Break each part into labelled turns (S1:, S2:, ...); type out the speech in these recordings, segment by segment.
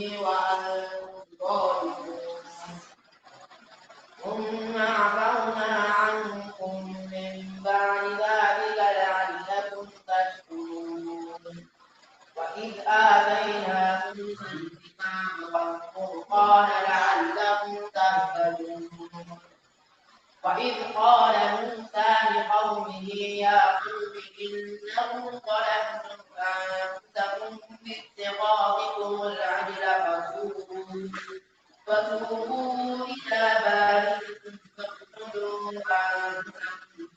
S1: وأنتم ظالمون
S2: ثم عفونا
S1: عنكم من بعد ذلك لعلكم تشكرون وإذ آتيناكم الكتاب والفرقان لعلكم تهتدون وإذ قال موسى لقومه يا قوم إنه ظلمتم أن باتقاءكم باتخاذكم العجل فسوقوا فتوبوا إلى بارئكم فاقتلوا أنفسكم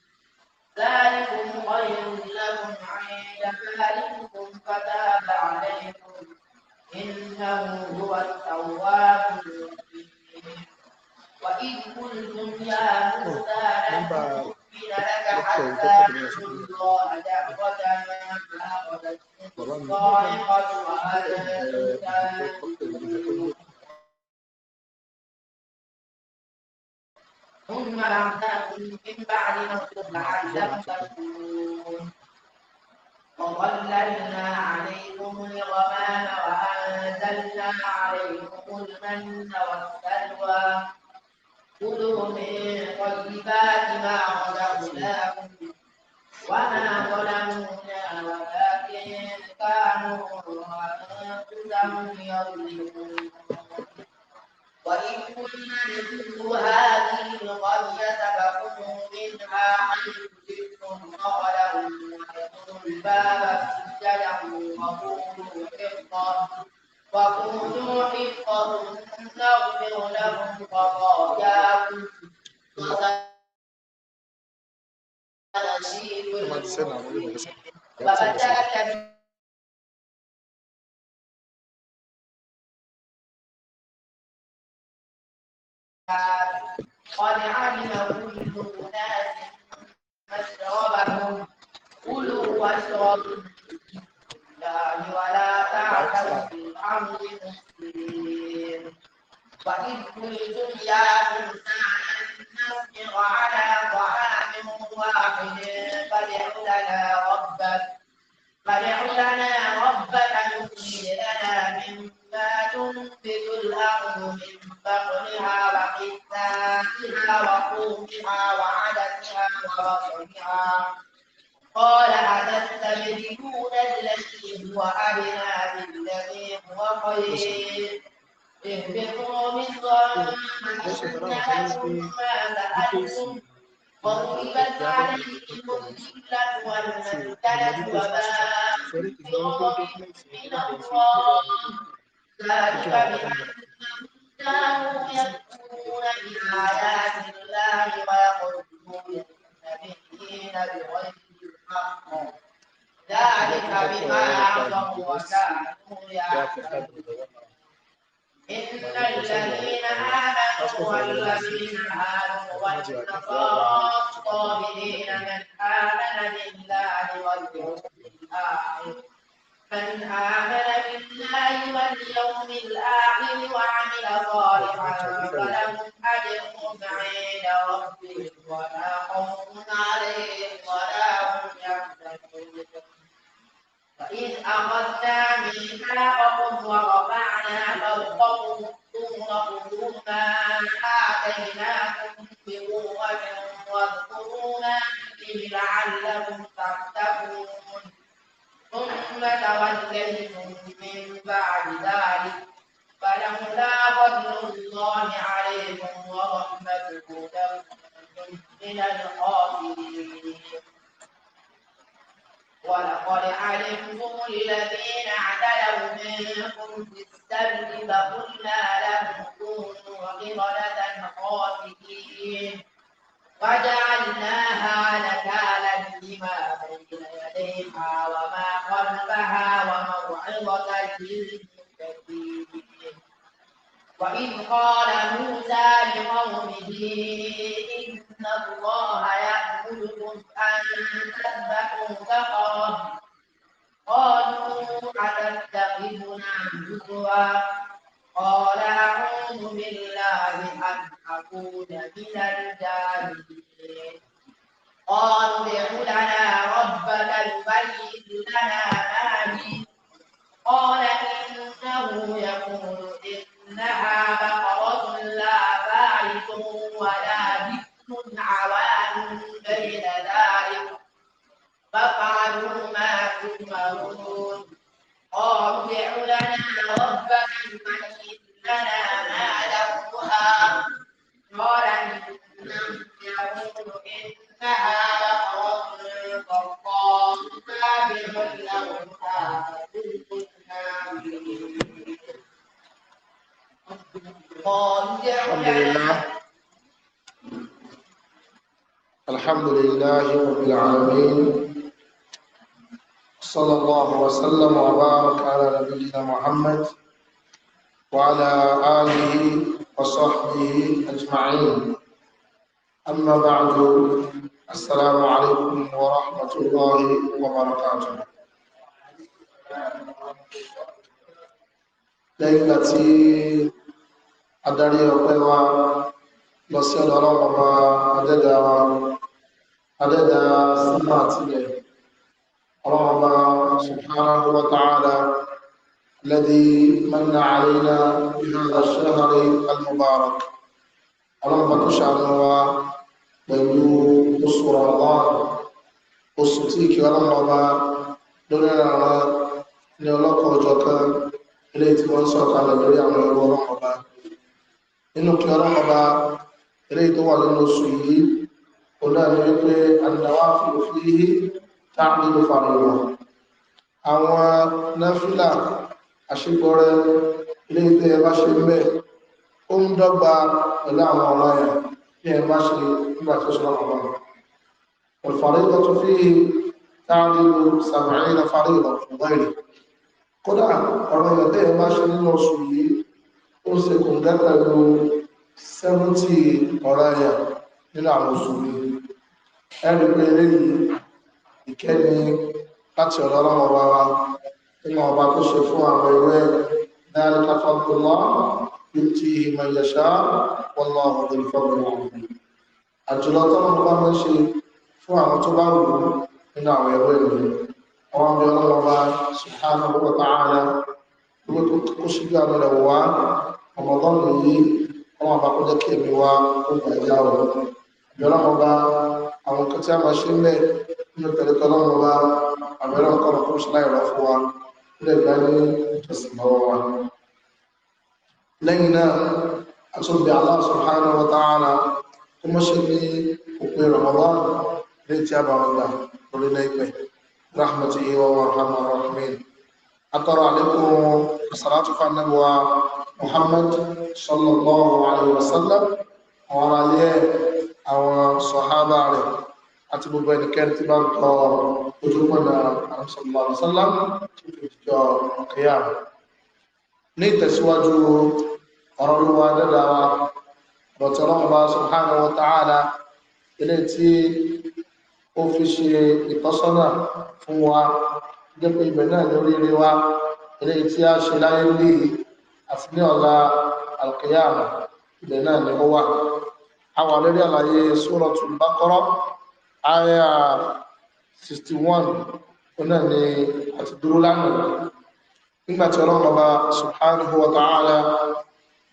S1: ذلكم خير لكم عند بارئكم فتاب عليكم إنه هو التواب الرحيم وإن قلتم يا موسى حتى يشهد الله دعوة صاعقة وأذن ثم لم تأكل من بعد نصر لعلهم تشكرون وظللنا عليكم الغمام وأنزلنا عليكم المن والسلوى كلوا من طيبات ما رزقناكم وما ظلمونا ولكن كانوا أنفسهم يظلمون وإن كنا ندخل هذه القرية فكلوا منها حيث شئتم نقلا وادخلوا الباب سجدا وقولوا حفظا وخذوا حفظهم نغفر لهم خطاياكم ونسيب المؤمنين وفتاك قد علم كل أناس مشربهم كلوا واشربوا الله ولا تعثوا في الأرض مفسدين وإذ قلتم يا موسى أن نصبر على طعام واحد فادع لنا ربك فادع لنا ربك يؤتي لنا مما تنبت الأرض من بقلها وقثائها وقومها وعدسها وبصلها
S2: قال أتستبدلون
S1: الذي هو أدنى بالذي هو خير اهبطوا مصرا فإن لكم ما سألتم
S2: وضربت عليهم
S1: الذلة والمسكنة وباءوا من الله ذلك بأنهم كانوا يكفرون بآيات الله ويقولون النبيين بغير ذلك بما عصوا وكانوا يعتدون إن
S2: الذين آمنوا والذين هادوا والنصارى الصابرين من آمن
S1: بالله واليوم الآخر من آمن بالله واليوم الآخر وعمل صالحا فلهم أجرهم عند ربهم ولا خوف إذ أخذنا ميثاقكم ورفعنا فوقكم الطور خذوا ما آتيناكم بقوة واذكروا ما فيه لعلكم تتقون
S2: ثم توليتم
S1: من بعد ذلك فلولا فضل الله عليكم ورحمته لكنتم من الخاسرين ولقد علمتم الذين اعتدوا منكم في السبت فقلنا لهم كونوا قردة خاسئين وجعلناها نكالا لما بين يديها وما خلفها وموعظة للمتقين وإذ قال موسى لقومه إن الله يأمركم أن تذبحوا بقرة قالوا أتتخذنا هزوا قال أعوذ بالله أن أكون من الجاهلين قالوا ادع لنا ربك يبين لنا ما قال إنه يقول إنها بقرة لا فاعل ولا بكر عوان بين ذلك فافعلوا ما تؤمرون قالوا ادع لنا ربك
S2: الحمد لله رب العالمين صلى الله وسلم وبارك على نبينا محمد وعلى آله وصحبه أجمعين أما بعد السلام عليكم ورحمة الله وبركاته ليلة أدري وقوى لسيد الله وما أددى adẹ́dà sílá àtìlẹ̀ ọlọ́ọ̀bá subhanahu wa ta'ala الذي من علينا بهذا الشهر المبارك اللهم تشعرنا pẹ̀lú oṣù ramadan oṣù tí kí ọlọ́mọba lórí ara ní ọlọ́kọ̀ ọjọ́ kan ilé tí wọ́n sọ kalẹ̀ lórí àwọn ẹ̀rọ ọlọ́mọba nínú kí ọlọ́mọba ilé tó nínú oṣù yìí onáàlú wípé àdáwà fìlòfìlì táàbílù fàrọ̀lọ̀ àwọn náfìlà àṣegbọrẹ ilé ìgbé ẹ bá ṣe ń bẹ ó ń dọ́gba pẹ̀lú àwọn ọ̀rọ̀ ẹ̀ bí ẹ bá ṣe nígbà tó ṣe ọ̀rọ̀ wọn ọ̀fàrẹ́gbọ́ tó fi táàbílù sàmàrí na fàrọ̀lọ̀ fùgbọ́n kódà ọ̀rọ̀ ẹ̀ bẹ́ẹ̀ bá ṣe nínú oṣù yìí ó ṣe kò ń dá pẹ̀lú ọ̀rọ̀ ẹ̀ nínú àwọn oṣù yìí ẹrù pé eléyìí ìkẹ́ni láti ọ̀dọ̀ ọlọ́run ọba wa nínú ọba tó ṣe fún àwọn ewé náírà káfọ́ńtò náà yóòtí ìmọ̀ ìyẹ̀ṣá wọn lọ ọ̀dọ̀ ìfọ́gbọ̀n ọ̀hún àjùlọ tọ́lọ́run bá mọ́ ṣe fún àwọn tó bá wù nínú àwọn ewé rẹ̀ àwọn ọmọ ọlọ́run ọba subhanahu wa ta'ala owó tó kó síbi àwọn ẹ̀rọ wa ọmọdọ́nù yìí ọmọ àbákọ́jẹ́ kí èmi wa ó gbà já ọ̀rọ̀ ìjọba àwọn nǹkan tí a máa ṣe ń bẹ̀ nínú pẹ̀lú kọlọ́mù wa àbẹ̀rẹ̀ nǹkan fún ṣíláì rọ̀ fún wa lè gbá ní ìjọsìn lọ́wọ́ wa lẹ́yìn náà a tún bẹ̀ Allah subhanahu wa ta'ala kó mọ́ ṣe ní òpin Ramadan lè tí a bá wọn gbà lórí wa rahman rahmin atọ́rọ àlékún salatu fa Muhammad sallallahu alaihi wa sallam àwọn àwọn sọ̀hábà rẹ̀ àti gbogbo ẹnikẹ́ni tí bá ń tọ ojúmọ̀nà àrùsọ̀lá àrùsọ̀lá tó fi jọ ọ̀kẹ́yà rẹ̀ ní ìtẹ̀síwájú ọ̀rọ̀ olúwa dẹ́dàwà bọ̀tọ̀lọ́mọba subhanahu wa ta'ala ilé tí ó fi ṣe ìtọ́sọ́nà fún wa gẹ́gẹ́ ibẹ̀ náà ní oríire wa ilé tí a ṣe láyé ní àti ní ọ̀la alkiyama ibẹ̀ náà ni ó wà a wà lórí àlàyé Suratul Baqara àyà 61 ọ̀nà ni àti dúró lánàá nígbàtí ọlọ́run ọba subhanahu wa ta'ala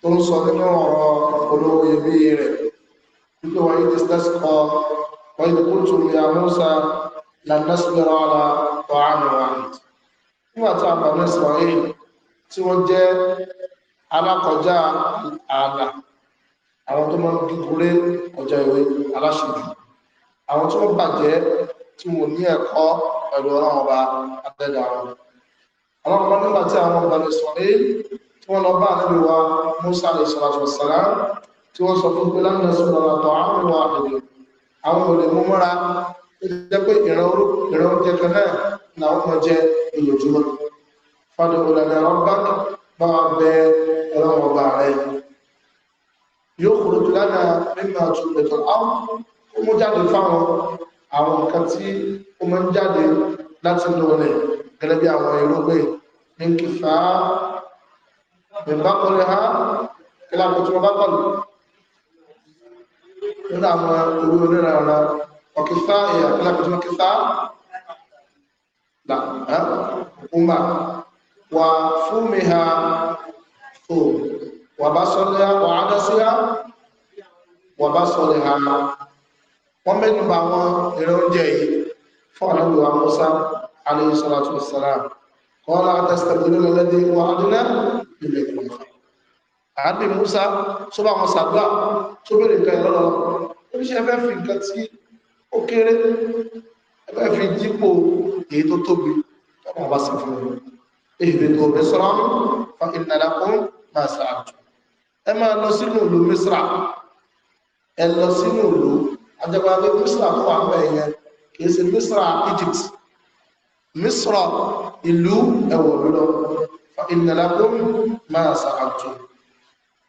S2: tó ń sọ nínú ọ̀rọ̀ olówó ibi rẹ̀ wípé wọ́n yìí dẹ́sẹ̀kọ́ wọ́n yìí kúrùtù ya Musa lannasbira ala nígbàtí àbàmì tí wọ́n jẹ́ alákọjá ààlà àwọn tó máa ń dúkúré ọjọ́ ìwé aláṣejù àwọn tó bàjẹ́ tí wọ́n ní ẹ̀kọ́ pẹ̀lú ọlọ́run ọba àtẹ́dà wọn àwọn ọmọ nígbà tí àwọn ọba lè sọ̀rọ̀ tí wọ́n lọ bá àlejò wa Musa lè sọ̀rọ̀ àtọ̀ sàrá tí wọ́n sọ fún pé lánàá sọ̀rọ̀ àtọ̀ àwọn ìwà àlejò àwọn olè mú mọ́ra ó ti jẹ́ pé ìran oúnjẹ kan náà làwọn ọmọ jẹ ìlòjúmọ́ fadọ̀ ọ̀làdà rọ́bà bá wa bẹ ọlọ́run ọba rẹ̀ yóò kúrò jù lánàá nínú àtúntò àwọn ó mú jáde fáwọn àwọn nǹkan tí ó máa ń jáde láti inú rẹ̀ gẹ́gẹ́ bí àwọn irúgbìn ní kìfà ìbákọ̀lẹ̀ ha ìlànà tí wọ́n bá kọ̀lù nínú àwọn owó onírànà ọ̀kìfà ìyà ìlànà tí wọ́n kìfà là ọmọ wà fún mi ha fún wàbásọ́lẹ́há wàhádásíhá wàbásọ́lẹ́há wọ́n mẹ́nu bá wọn eré oúnjẹ yìí fún àlọ́gbọ̀wà Musa alayhi salatu wassalam kọ́lá àtẹ́sítẹ̀bìnrin lẹ́lẹ́dẹ́ wà ádínà nílẹ̀ ìgbìmọ̀ àádé Musa tó bá wọn sàdúrà tó ẹ máa lọ sínú ìlú Misra ẹ lọ sínú ìlú ajọba pé Misra tó wà ńbẹ̀ yẹn kì í ṣe Misra Egypt Misra ìlú ẹwọ lọ fa ìnàlágún máa ṣàkàtù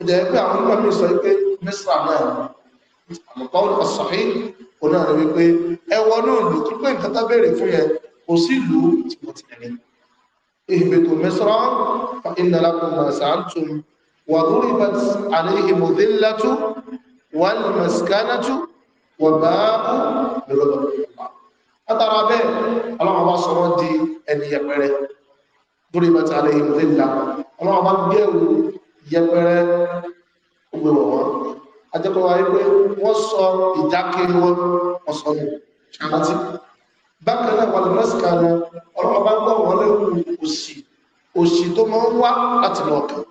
S2: ìdẹ̀ pé àwọn nígbà mi sọ pé Misra náà àmọ́kọ́wọ́n ọ̀sọ̀hí oná rẹ̀ wípé ẹwọ náà lù tó pé nǹkan tá bèèrè fún yẹn kò sí ìlú tí mo ti rẹ̀ ìhìbètò Misra fa ìnàlágún máa ṣàkàtù وضربت عليهم الذلة والمسكنة وباءوا بغضب الله látara bẹ́ẹ̀ ọlọ́run bá sọ̀rọ̀ di ẹni yẹpẹrẹ ضربت عليهم الذلة ọlọ́run bá gbé ẹ̀wù yẹpẹrẹ gbé wọ̀n ajẹ́kọ̀ọ́ wáyé pé wọ́n sọ ìdákẹ́ wọn wọ́n sọ ní ṣàrántí bákan náà wọ́n lè mẹ́sìkà náà ọlọ́run bá gbọ́ wọ́n lẹ́wù òṣì òṣì tó máa ń wá láti lọ́ọ̀kan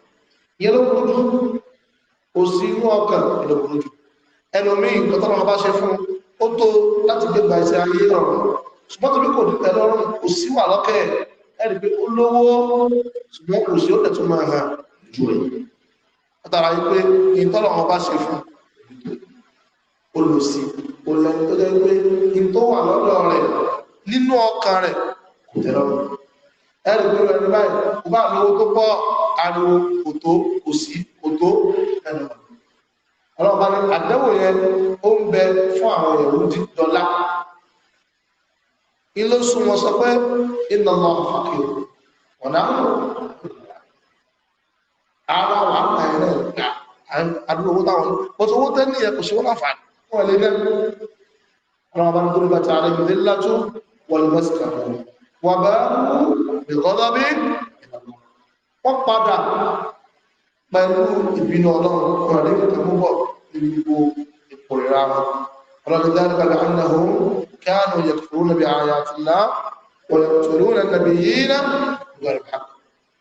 S2: ìyẹn ló burú jù kò sí inú ọkàn ló burú jù ẹlòmíì nǹkan tọ́lọ́ wọn bá ṣe fún ó tó láti gbé gba ìṣe ayé rọrùn ṣùgbọ́n tóbi kò dìtẹ̀ lọ́rùn kò sí wà lọ́kẹ́ ẹ̀rì pé ó lówó ṣùgbọ́n kò sí ó tẹ̀ tó máa hàn jù rẹ̀ látara wípé ìtọ́lọ̀ wọn bá ṣe fún olùsí olùlẹ́ni tó jẹ́ pé ẹ̀rù pé ẹni báyìí kò bá lówó tó pọ̀ ariwo kò tó kò sí kò tó ẹnu ọlọ́pàá ní àdẹ́wò yẹn ó ń bẹ fún àwọn ẹ̀rù dọ́là ilé sún wọn sọ pé iná lọ fàkì ọ̀nà ara wà á pa ẹ̀rẹ́ ìgbà àdúgbò owó táwọn ọ̀tọ̀ owó tẹ́ ní ẹ̀ kò sí wọ́n láǹfààní wọ́n lè lẹ́nu ọlọ́pàá ní kúrò bàtà àrẹ ìdílé látó wà bá ìkọ́lọ́bí wọ́n padà pẹ̀lú ìbínú ọlọ́run fún àrí ìtàkùnbọ̀ ìrìnbó ìpòrìra wọn ọlọ́run dáadé kalẹ̀ annahu kánú yẹ̀kùrú nàbí àyàtìlá wọ́n yẹ̀kùrú nàbí yìí náà gbẹ̀rẹ̀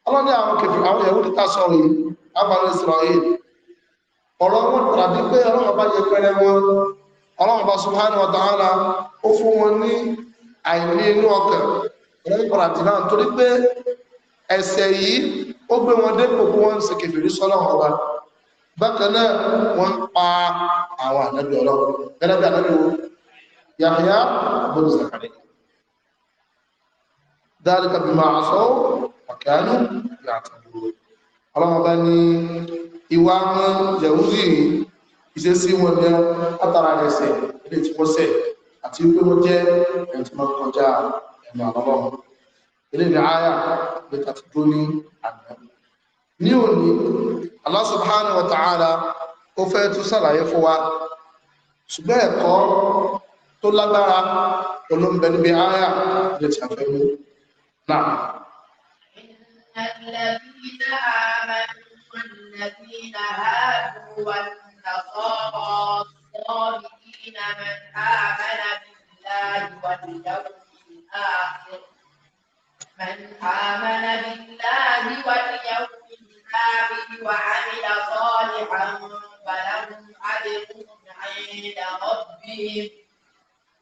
S2: ọlọ́ni àwọn kẹfì àwọn ìyàwó ọlọ́run bá yẹ wọn ọlọ́run ó fún wọn ní àìní inú ọkàn ìrẹ́kọ̀ọ́ àti náà torí pé ẹ̀ṣẹ̀ yìí ó gbé wọn dépò kí wọ́n ń ṣe kèfèrí sọ́lọ́ ọba bákan náà wọ́n pa àwọn ànábì ọlọ́run gẹ́gẹ́ bí ànábì wo Yahya abudu Zakari dhalika bima asaw wa kanu ya'tabun ọlọ́run bá ní ìwà wọn yahudi ìṣesí wọn ní látara ẹ̀ṣẹ̀ ilé tí àti wípé wọ́n jẹ́ ẹ̀tùmọ̀ kọjá ìyàlọ́lọ́run eléyìí àyà lẹ́tàtúndó ní àná ní òní Allah subhanahu wa ta'ala ó fẹ́ tún sàlàyé fún wa ṣùgbọ́n ẹ̀kọ́ tó lágbára olóńgbẹ níbi àyà lẹ́tàtúndó náà.
S1: الذين آمنوا والذين هادوا والنصارى الصابئين من آمن بالله واليوم الآخر من آمن بالله واليوم الآخر وعمل صالحا فلهم أجرهم عند ربهم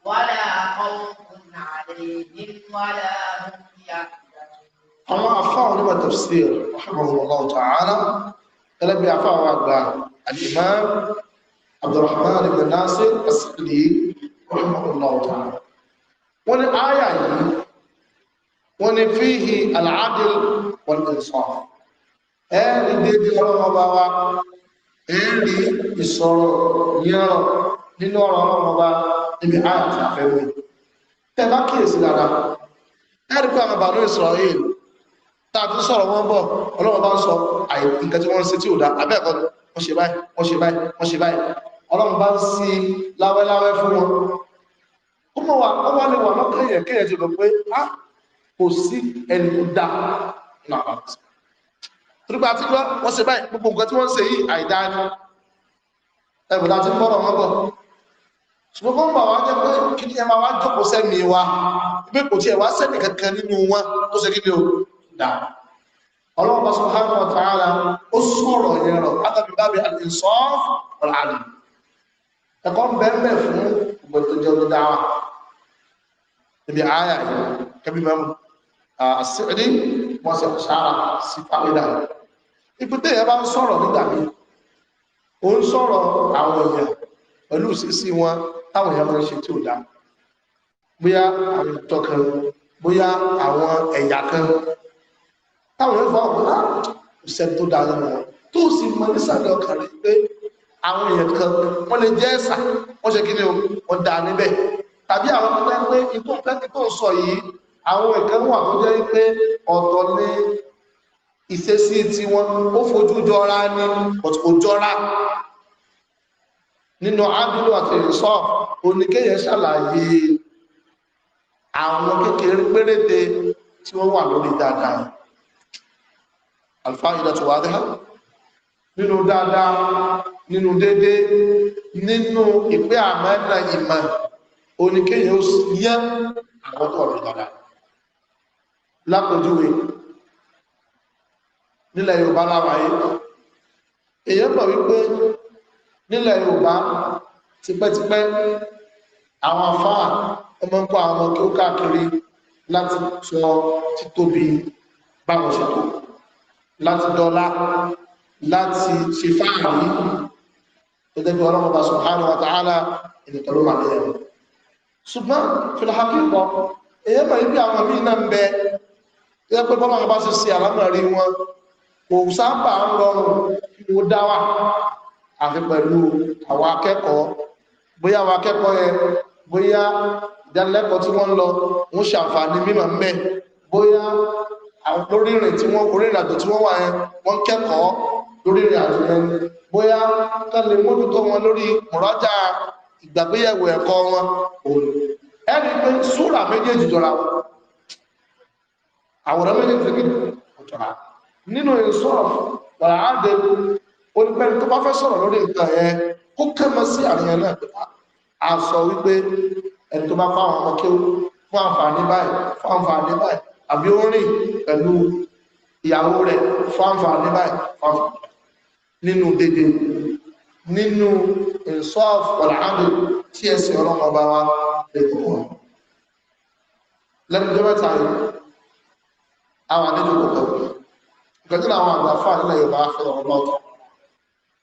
S1: ولا خوف عليهم ولا هم يحزنون. الله أفعل بالتفسير
S2: رحمه الله تعالى الذي أفعل أكبر الإمام عبد الرحمن بن ناصر السقلي رحمه الله تعالى wọ́n ní àyà yìí wọ́n ní fíhì al-adl wal-insaf ẹ̀rí dédé ọlọ́mọba wa ẹ̀rí ìsọ̀rọ̀ yẹ́rọ̀ nínú ọ̀rọ̀ ọlọ́mọba níbi àyà tí a fẹ́ wí tẹ bá kíyèsí dáadáa ẹ̀rí pé àwọn bàánú Israel tá a ti sọ̀rọ̀ wọn bọ̀ ọlọ́mọba ń sọ àì nǹkan tí wọ́n ń ṣe tí ò dá abẹ́ẹ̀kọ́ wọ́n ṣe báyìí wọ́n ṣe báyìí wọ́n ṣe ń sí láwẹ́láwẹ́ fún wọn ó mọ̀ wà ó wà lè wà lọ́kàn yẹn kéèyàn ti rò pé á ah, kò sí ni ẹ̀bùn láti mọ́rọ̀ wọn bọ̀ ṣùgbọ́n fún bàwá jẹ́ ni ẹ máa wá jókòó sẹ́mi wa ibi kò tiẹ̀ wá sẹ́mi kankan nínú wọn tó ṣe kí ni o dà ọlọ́run bá subhanahu wa ta'ala ó sọ̀rọ̀ yẹn rọ̀ látàbí bábí al-insaf wal-'adl ẹ̀kọ́ ń bẹ́ẹ̀ fún gbogbo tó níbi àyà yìí kẹbí mẹ́mú àṣírí wọ́n sì ṣára sí fáwídà ìpútẹ́ ẹ̀ bá ń sọ̀rọ̀ nígbà mí ó ń sọ̀rọ̀ àwọn èèyàn pẹ̀lú ìṣesí wọn táwọn èèyàn máa ń ṣe tí ò dá bóyá àwọn ìtọ́ kan bóyá àwọn ẹ̀yà kan táwọn èèyàn fọwọ́ pé ìṣẹ́ tó dá lọ́wọ́ tó sì mọ ní sàdọ̀ kan rẹ̀ pé àwọn èèyàn kan wọ́n lè jẹ́ ẹ̀sà wọ́n ṣe kí ni wọ́n dá níbẹ̀ tàbí àwọn ọmọdé ń pé ikú pẹ́kì tó sọ yìí àwọn ìkan wà tó jẹ́ pé ọ̀tọ̀ ní ìṣesí tí wọn ó fojú jọra ní kò jọra nínú ádùnú àti ìsọ oníkéyẹ ṣàlàyé àwọn kékeré péréte tí wọ́n wà lórí dáadáa alfa ìdàtù wádá nínú dáadáa nínú dédé nínú ìpé àmọ́ ìmọ̀ oníkéyìn ó yẹ́ àwọn tó ọ̀rọ̀ dáadáa lápòjúwe nílẹ̀ Yorùbá láwàáyé èyàn mọ̀ wípé nílẹ̀ Yorùbá tipẹ́tipẹ́ àwọn afáà ọmọ ń kọ́ àwọn tó káàkiri láti sọ títóbi báwọn ṣètò láti dọ́lá láti ṣe fáàrí tó bí ọlọ́mọba subhanahu wa ta'ala lẹ́yìn ṣùgbọ́n filhakikọ èyí mọ̀ ibi àwọn míì náà ń bẹ yẹ pé bọ́lá bá ṣe ṣe àlámọ̀rí wọn kò sábà ń rọrùn mo dá wà àfi pẹ̀lú àwọn akẹ́kọ̀ọ́ bóyá àwọn akẹ́kọ̀ọ́ yẹn bóyá ìdánilẹ́kọ̀ọ́ tí wọ́n ń lọ ń ṣàǹfààní mímọ̀ ń bẹ bóyá àwọn lórí ìrìn tí wọ́n orí ìrìnàjò wà yẹn wọ́n ń kẹ́kọ̀ọ́ lórí ìrìnàjò yẹn bóyá kán mójútó wọn lórí mùrájà ìgbàgbéyẹ̀wò ẹ̀kọ́ wọn òun ẹni pé súrà méjèèjì jọra wọn àwòrán méjèèjì tó kìí jọra nínú ìsọ̀rọ̀ wàrà áde onípẹ́ni tó bá fẹ́ sọ̀rọ̀ lórí nǹkan yẹn kó kẹ́mọ sí àríyàn náà pé a sọ wípé ẹni tó bá nínú ìsọ́f ọ̀làádù tí ẹ̀sìn ọlọ́run ọba wa lè tó wọn lẹ́nu jẹ́bẹ̀ tààrí àwọn àdéjò kò tọ̀ ìgbẹ́jú làwọn àgbà fún àdílẹ̀ yorùbá fẹ́ ọ̀rọ̀ lọ́tọ̀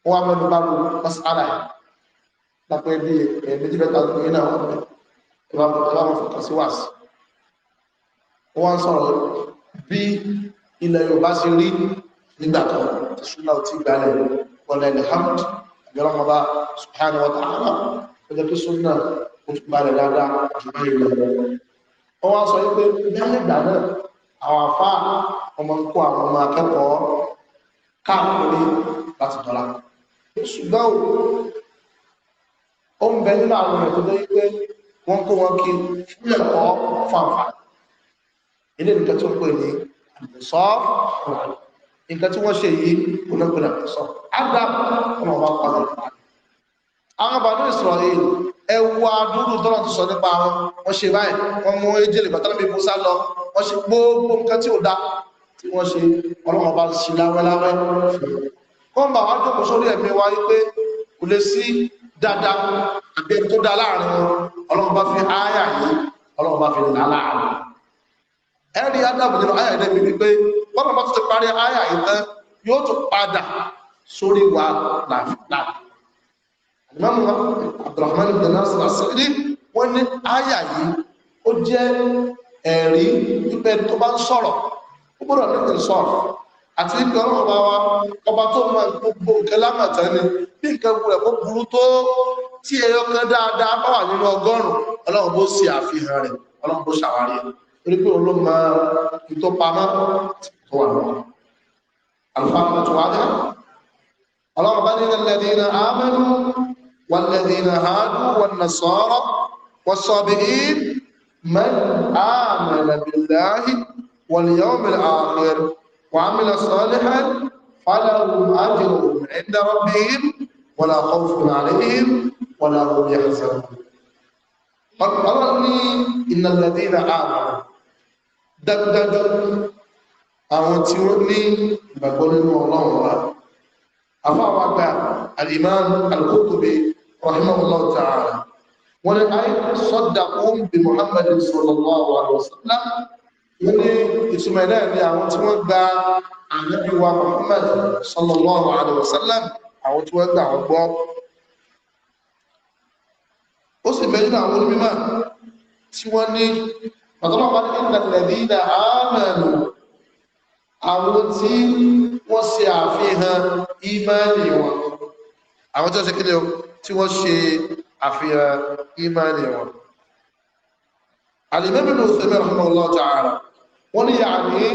S2: ó wá mẹ́nu bá lu masala lápẹ́ bí ẹ̀ẹ́dẹ́jì bẹ́ta tó yín náà wọ́n bẹ̀ ìbámu fòkàn sí wàásù ó wá ń sọ̀rọ̀ bí ilẹ̀ yorùbá ṣe ọlọ́run bá subhanahu wa ta'ala ó jẹ́ kí súnà ó tún balẹ̀ dáadáa jù báyìí lọ wọ́n wá sọ pé lẹ́yìn ìgbà náà àwọn afá ọmọ ń kó àwọn ọmọ akẹ́kọ̀ọ́ káàkiri láti dọ́là ṣùgbọ́n ó ń bẹ nínú àwọn ètò tó yí pé wọ́n kó wọn kí fún ẹ̀kọ́ fàǹfà ilé nǹkan tó pè ní àmì sọ́ọ̀fù nǹkan tí agbáb ọmọ bá pa lọ́wọ́ àwọn bàbá Israel ẹwà dúró tọ́lọ̀ ti sọ nípa wọn wọ́n ṣe báyìí wọ́n mú ejele bàtàlá mi musa lọ wọ́n ṣe gbogbo nǹkan tí ò dá tí wọ́n ṣe ọlọ́wọ́ bá ṣe láwẹ́láwẹ́ wọ́n bá wọ́n jókòó sórí ẹ̀mí wa wípé kò lè sí dáadáa àbí ẹni tó dá láàrin wọn ọlọ́wọ́ bá fi ááyà yìí ọlọ́wọ́ bá fi nà láàrin ẹ̀rí adábòjọ́ ááyà yìí dẹ́bi wípé wọ́n bá tó ti parí ááyà yìí tán yóò tún padà sórí wa làfíà Imam Abdulrahman ibn Nasir As-Sa'di wọ́n ní àyà yìí ó jẹ́ ẹ̀rí wípé tó bá ń sọ̀rọ̀ ó gbọ́dọ̀ ní ìsọ̀rọ̀ àti ibi ọ̀rọ̀ ọba wa ọba tó mọ gbogbo nǹkan lámàtà ni bí nǹkan rẹ̀ kó burú tó tí ẹyọ kan dáadáa bá wà nínú máa tó pamọ́ tó àlùfáà tó wá náà اللهم بارك الذين امنوا والذين هادوا والنصارى والصابئين من امن بالله واليوم الاخر وعمل صالحا فلهم اجرهم عند ربهم ولا خوف عليهم ولا هم يحزنون قال ان الذين امنوا دددوا أو تيوني بقول الله الله أفاوض الإمام القرطبي رحمه الله تعالى ولأي صدقهم بمحمد صلى الله عليه وسلم ولي يسمعنا يعني توقع عن نبي محمد صلى الله عليه وسلم أو توقع عبوه ó sì bẹ̀rẹ̀ nínú àwọn onímọ̀ tí wọ́n ní pàtàkì ìlànàdí ìlà àmàlù àwọn tí wọ́n ṣe àfihàn ìmáàlì wọn àwọn tí wọ́n ṣe kí ni o tí wọ́n ṣe àfihàn ìmáàlì wọn alimami bin usaimin rahimahullah ta'ala wọ́n ní yàní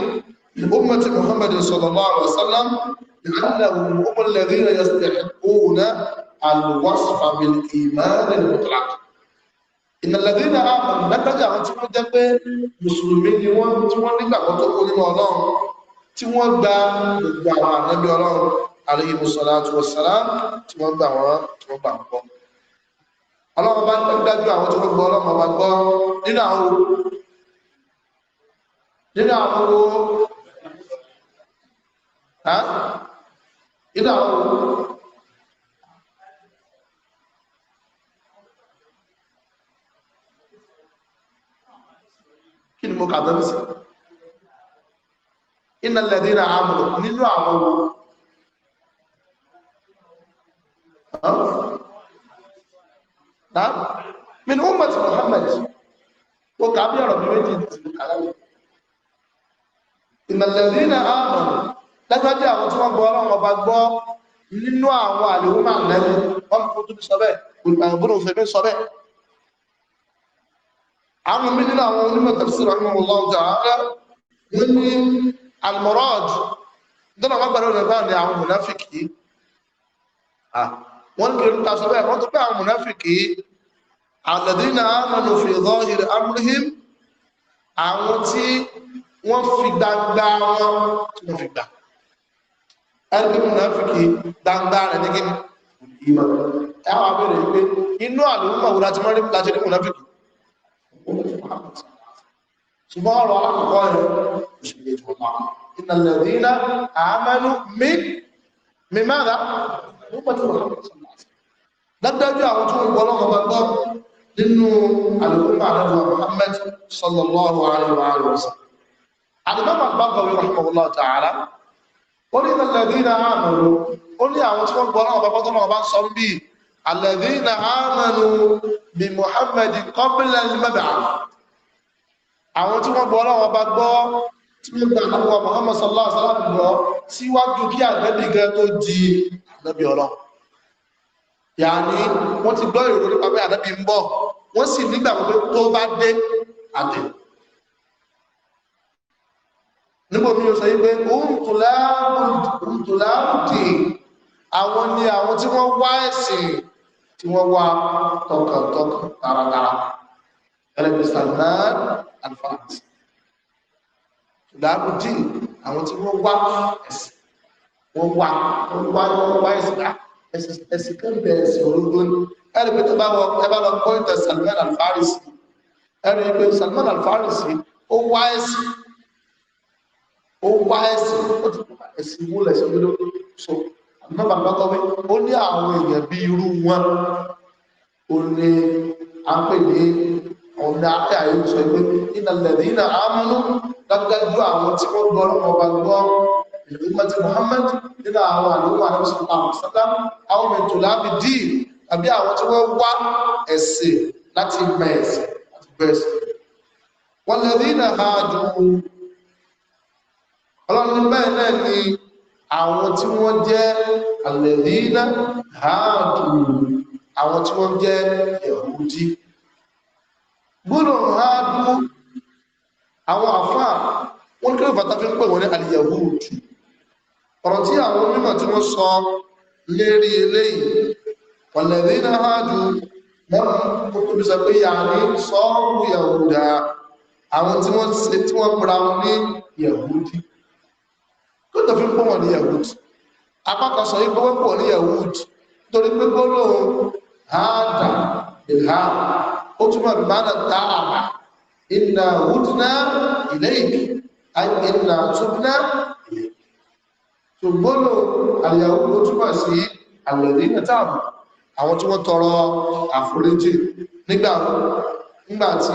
S2: ummati muhammad sallallahu alaihi wasallam annahum hum alladhina yastahiquna alwasfa bil iman al mutlaq ìnàlẹ́dínà àmà látàjà àwọn tí wọ́n jẹ́ pé mùsùlùmí ni wọ́n tí wọ́n nígbàgbọ́ tó kó nínú ọlọ́run tí wọ́n gba gbogbo àwọn ànábì ọlọ́run alayhi salatu wassalam tí wọ́n gbà wọ́n tí wọ́n gbà gbọ́ ọlọ́run bá dájú àwọn tí wọ́n gbọ́ ọlọ́run bá gbọ́ nínú àwọn owó nínú kí ni mo kà bẹ́ẹ̀ sí iná lẹ́dínà àmọ̀ nínú àwọn owó min ummati Muhammad ó kà bí ọ̀rọ̀ méjì ti kàlẹ́ ìnàlẹ́dínà àmọ̀ lẹ́gbẹ́jẹ́ àwọn tí wọ́n gbọ́ ọlọ́run ọba gbọ́ nínú àwọn àlèwọ́ máa nẹ́rù wọ́n fún tó ní sọ bẹ́ẹ̀ olùgbàgbọ́n òfèmí sọ bẹ́ẹ̀ àwọn mi nínú àwọn onímọ̀ tafsir rahimahullahu ta'ala wọ́n ní almorod dọ́nà wọ́n gbàdọ̀ nípa ní àwọn mùnáfíkì ah wọ́n kiri níta sọ bẹ́ẹ̀ wọ́n tó pẹ́ àwọn mùnáfìkì alladhina amanu fi dhahiri amrihim àwọn tí wọ́n fi gbangba wọn tí wọ́n fi gbà ẹni mùnáfìkì gbangba rẹ̀ ní kí ìmọ̀ ẹwà bẹ̀rẹ̀ pé inú àlùmọ̀ wo láti mọ́rí láti ní mùnáfìkì ṣùgbọ́n ọ̀rọ̀ alákọ̀ọ́kọ́ rẹ̀ òṣèlú ìjọba innal ladhina amanu min min pẹ̀lú Muhammad dájúdájú àwọn tó ń gbọ́ lọ́wọ́ bá gbọ́ nínú àlùkùnmọ̀ àdàbọ̀ Muhammad sallallahu alaihi wa alihi wasallam àdìmọ́mọ̀ àgbàgbà wí rahimahullah ta'ala ó ní alladhina amanu ó ní àwọn tí wọ́n gbọ́ lọ́wọ́ bá gbọ́ lọ́wọ́ bá ń sọ bí alladhina amanu bi Muhammad qabla al-mab'ath àwọn tí wọ́n gbà lọ́wọ́ Muhammad sallallahu alaihi wa síwájú kí àgbẹ̀bì tó di ànábì ọlọ́run yàní wọ́n ti gbọ́ ìròyìn nípa pé ànábì ń bọ̀ wọ́n sì nígbàgbọ́ pé tó bá dé àtẹ̀ nígbà mi ò sọ wípé òǹtòláàbùdì àwọn ni àwọn tí wọ́n wá ẹ̀sìn tí wọ́n wá tọkàntọkàn tààràtààrà ẹlẹ́gbẹ̀ Salman alfarad tòláàbùdì àwọn tí wọ́n wá ẹ̀sìn wọ́n wá wọ́n wá wọ́n wá kan bẹ̀rẹ̀ sí ológun ẹ̀rì pé tó bá wọ ẹ bá lọ kọ́ ìtẹ̀ Salman al-Farisi ẹ̀rì pé Salman al-Farisi ó wá ẹ̀sìn ó wá ẹ̀sìn ó ti kọ́ ẹ̀sìn wó lẹ̀sìn ológun so àmọ́ bàbá kọ́ pé ó ní àwọn èèyàn bí irú wọn ó ní à ń pè ní ọ̀nà àti àyè sọ pé ìnàlẹ̀ àmúnú dájúdájú àwọn tí wọ́n gbọ́ ọlọ́mọba gbọ́ ìlúmọ̀tí Muhammad nínú àwọn àlúmọ̀ àdọ́sọ̀pá àmọ̀sọ́lá àwọn mẹ́tò láàbí díì àbí àwọn tí wọ́n wá ẹ̀sìn láti mẹ́ẹ̀sì àti bẹ́ẹ̀sì wọ́n lè rí ìnà àádùn ọlọ́run bẹ́ẹ̀ náà ni àwọn tí wọ́n jẹ́ àlèrí ìnà àádùn àwọn tí wọ́n jẹ́ ẹ̀hùdí
S1: gbọ́dọ̀ àádùn
S2: àwọn àfáà wọ́n kí ló fàtà fi ń pè wọ́n ní àlèyàwó òjò ọ̀rọ̀ tí àwọn onímọ̀ tí wọ́n sọ lérí eléyìí ọ̀lẹ̀dí náà hádù wọ́n kókó bí sọ pé yàní sọ́ọ̀rù yàhùdà àwọn tí wọ́n ṣe tí wọ́n pera wọn ní yahudi tó tó fi ń pọ̀ wọn ní yahudi apákan ṣùgbọ́nà àyàwó ló túnmọ̀ sí àlẹ̀rí nítàmù àwọn tí wọ́n tọrọ àforíjì nígbàtí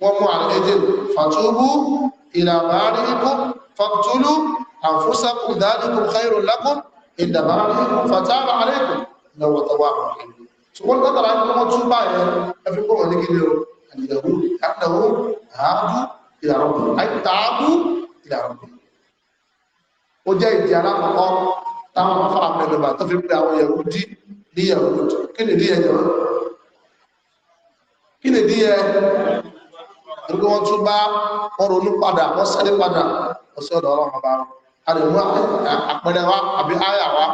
S2: wọ́n mú àlẹ́jì fàtúbú ìlàmàárí ikú fàtúlú àfúsàkù dáadìkùn kairu lákùn ìdàmàárí ikú fàtàrà àríkù lọ́wọ́tọwà ṣùgbọ́n látara ikú wọ́n ó jẹ́ ìdí alákọ̀ọ́kọ́ táwọn afárá mẹ́lẹ̀bà tó fi pé àwọn Yahudi ní Yahudi kí ni díẹ̀ yẹn kí ni díẹ̀ ẹgbẹ́ wọn tún bá wọn ronú padà wọn sẹ́lẹ̀ padà wọn sọ́dọ̀ ọlọ́run ọba àdìmú àpẹẹrẹ wa àbí àyà wa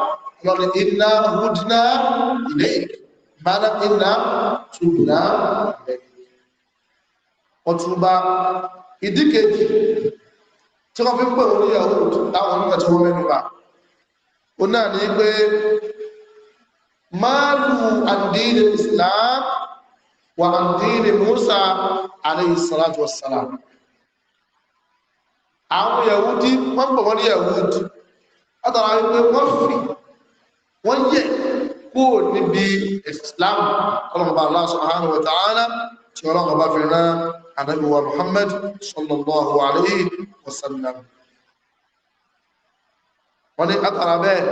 S2: yọni iná hudina ilé mana iná tùbùnà ilé wọn tún bá ìdí kejì tí wọ́n fi ń pè wọ́n ní yahoo táwọn onímọ̀ tí wọ́n mẹ́nu bà ó náà ní pé máàlù àdínì islam wà àdínì musa alayhi salatu wassalam àwọn yahudi wọ́n pè wọ́n ní yahudi látara wípé wọ́n fi wọ́n yẹ kúrò níbi islam ọlọ́mọba Allah subhanahu wa tí ọlọ́mọba fi rán anabiwa muhammad sallallahu alayhi wa sallam wọ́n ní látara bẹ́ẹ̀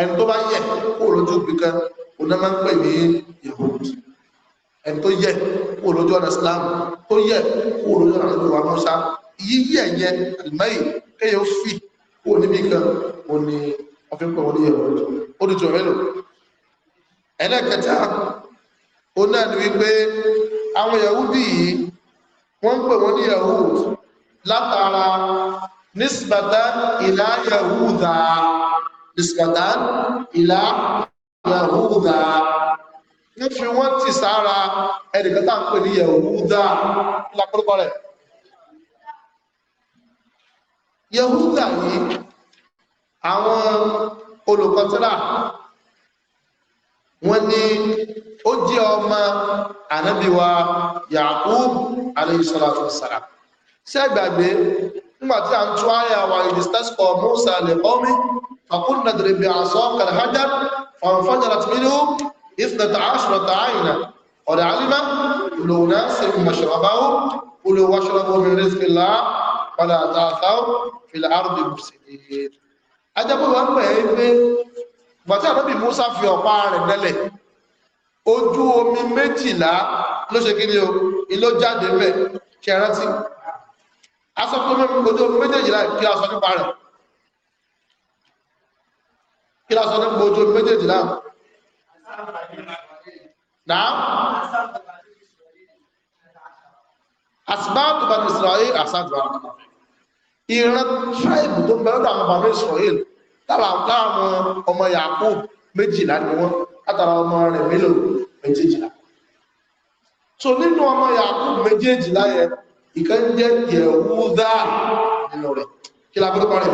S2: ẹni tó bá yẹ kó lójú bí kan oná máa ń pè ní yahudi ẹni tó yẹ kó lójú ọ̀nà islam tó yẹ kó lójú ọ̀nà ìwà musa yíyí ẹ̀yẹ àlùmáyì kéye ó fi kó níbi kan ó ní ọfẹ́ pẹ̀lú ní yahudi ó dìjọ mélòó ẹlẹ́kẹta ó náà ní wípé àwọn yahudi yìí wọ́n ń pè wọ́n ní yahud látara nisbatan ila yahuda nisbatan ila yahuda ní fi wọ́n ti sára ẹnìkan tá ń pè ní yahuda lápẹ́lúpọ̀ rẹ̀ yahuda yìí àwọn olùkọ́tìrà wọ́n ní ó jẹ́ ọmọ ànábíwa Yaqub alayhi salatu wassalam ṣẹ́gbàgbé nígbàtí a ń tún àyà wà ìdístẹ́sọ̀ Musa liqawmi faqulna idrib bi'asaka al-hajar fanfajarat minhu ithnata ashrata 'aynan qad 'alima kullu unasin mashrabahum kulu washrabu min rizqillah wala ta'thaw fil ardi mufsidin ajẹ́bùwọ́n pẹ̀ ojú omi méjìlá ló ṣe kí ni o ìló jáde mẹ́ ṣe rántí aṣọ tó mẹ́rin ojú omi méjìlá kí aṣọ nípa rẹ̀ kí aṣọ nípa ojú omi méjìlá náà asibáàtù bá ní israel asádùá ìran tribe tó bẹ̀rẹ̀ àwọn bàbá israel láwọn ọmọ Yakub méjìlá ni wọ́n látara ọmọ rẹ̀ mélòó méjèèjìlá so nínú ọmọ Yakub méjèèjìlá yẹn ìkan jẹ́ Yẹ̀húdà nínú rẹ̀ kí la kórúkọ rẹ̀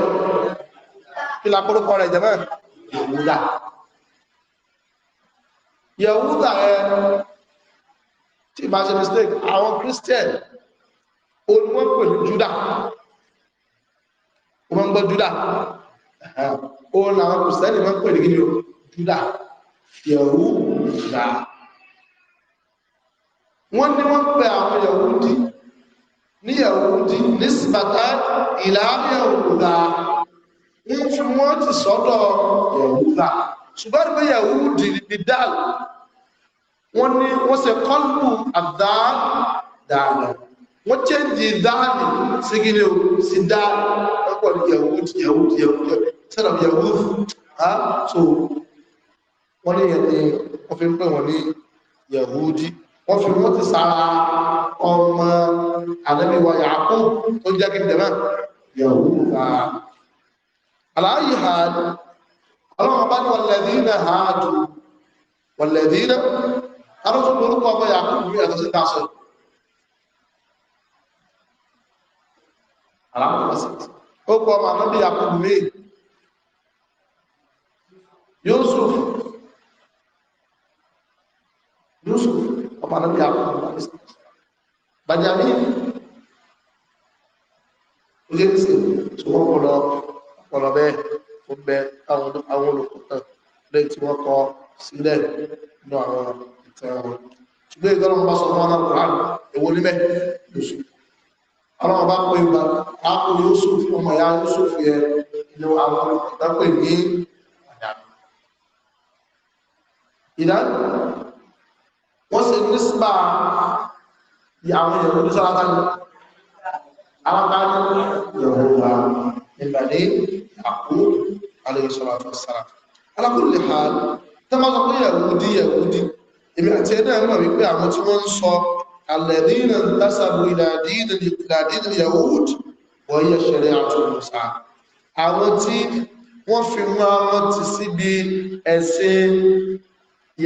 S2: kí la kórúkọ rẹ̀ jẹ́mẹ́ Yẹ̀húdà Yẹ̀húdà yẹn tí ìbá ṣe mistake àwọn Christian ó ní wọ́n pè ní Júdà wọ́n gbọ́ Júdà ó làwọn Christian máa ń pè ní Yahuda wọ́n ní wọ́n pè àwọn Yahudi ní Yahudi nísìbàtà ìlà Yahuda ní fi wọ́n ti sọ́dọ̀ Yahuda ṣùgbọ́n pé Yahudi ní dáàlù wọ́n ní wọ́n ṣe kọ́lù àdáàdáàlù wọ́n chẹ́ǹjì dáàlù sí gíní sí dáàlù wọ́n pọ̀ ní Yahudi Yahudi Yahudi sẹ́dọ̀ Yahudi ha ah, so wọ́n ní yẹn ni wọ́n fi ń pè wọ́n ní yahudi wọ́n fi wọ́n ti sára ọmọ ànábìwá yàkó tó jẹ́ kí n tẹ̀lé yahuda aláyé ha ọlọ́run bá ní wàlẹ́dínà ha dù wàlẹ́dínà arúgbó lórúkọ ọmọ yàkó ní ẹ̀tọ́ sí dáṣọ Yusuf Yusuf ọmọ anábì àkọ́kọ́ ọmọ anábì Benjamin oye ti sè tí wọ́n kọ lọ ọpọlọ bẹ́ẹ̀ ó bẹ àwọn olùkọ́tàn lẹ́yìn tí wọ́n kọ sílẹ̀ nínú àwọn ìtàn wọn
S1: ṣùgbọ́n ìgbà wọn bá sọ wọn náà kúrò èwo ní mẹ́
S2: Yusuf ọlọ́run bá pè bá àpò Yusuf ọmọ ìyá Yusuf yẹ inú àwọn olùkọ́tàn pè ní àdàmì ìdájọ́ wọ́n ṣe nísìbà àwọn ìyàwó ní sọ́lá tánú alábáyé ìyàwó wa ìgbàdé àkó alayhi salatu wassalam ala kulli hal tẹ́mọ́sọ pé yẹ̀wúdí yẹ̀wúdí èmi àti ẹ̀dẹ́ ẹ̀mọ̀ wípé àwọn tí wọ́n ń sọ alladhina intasabu ila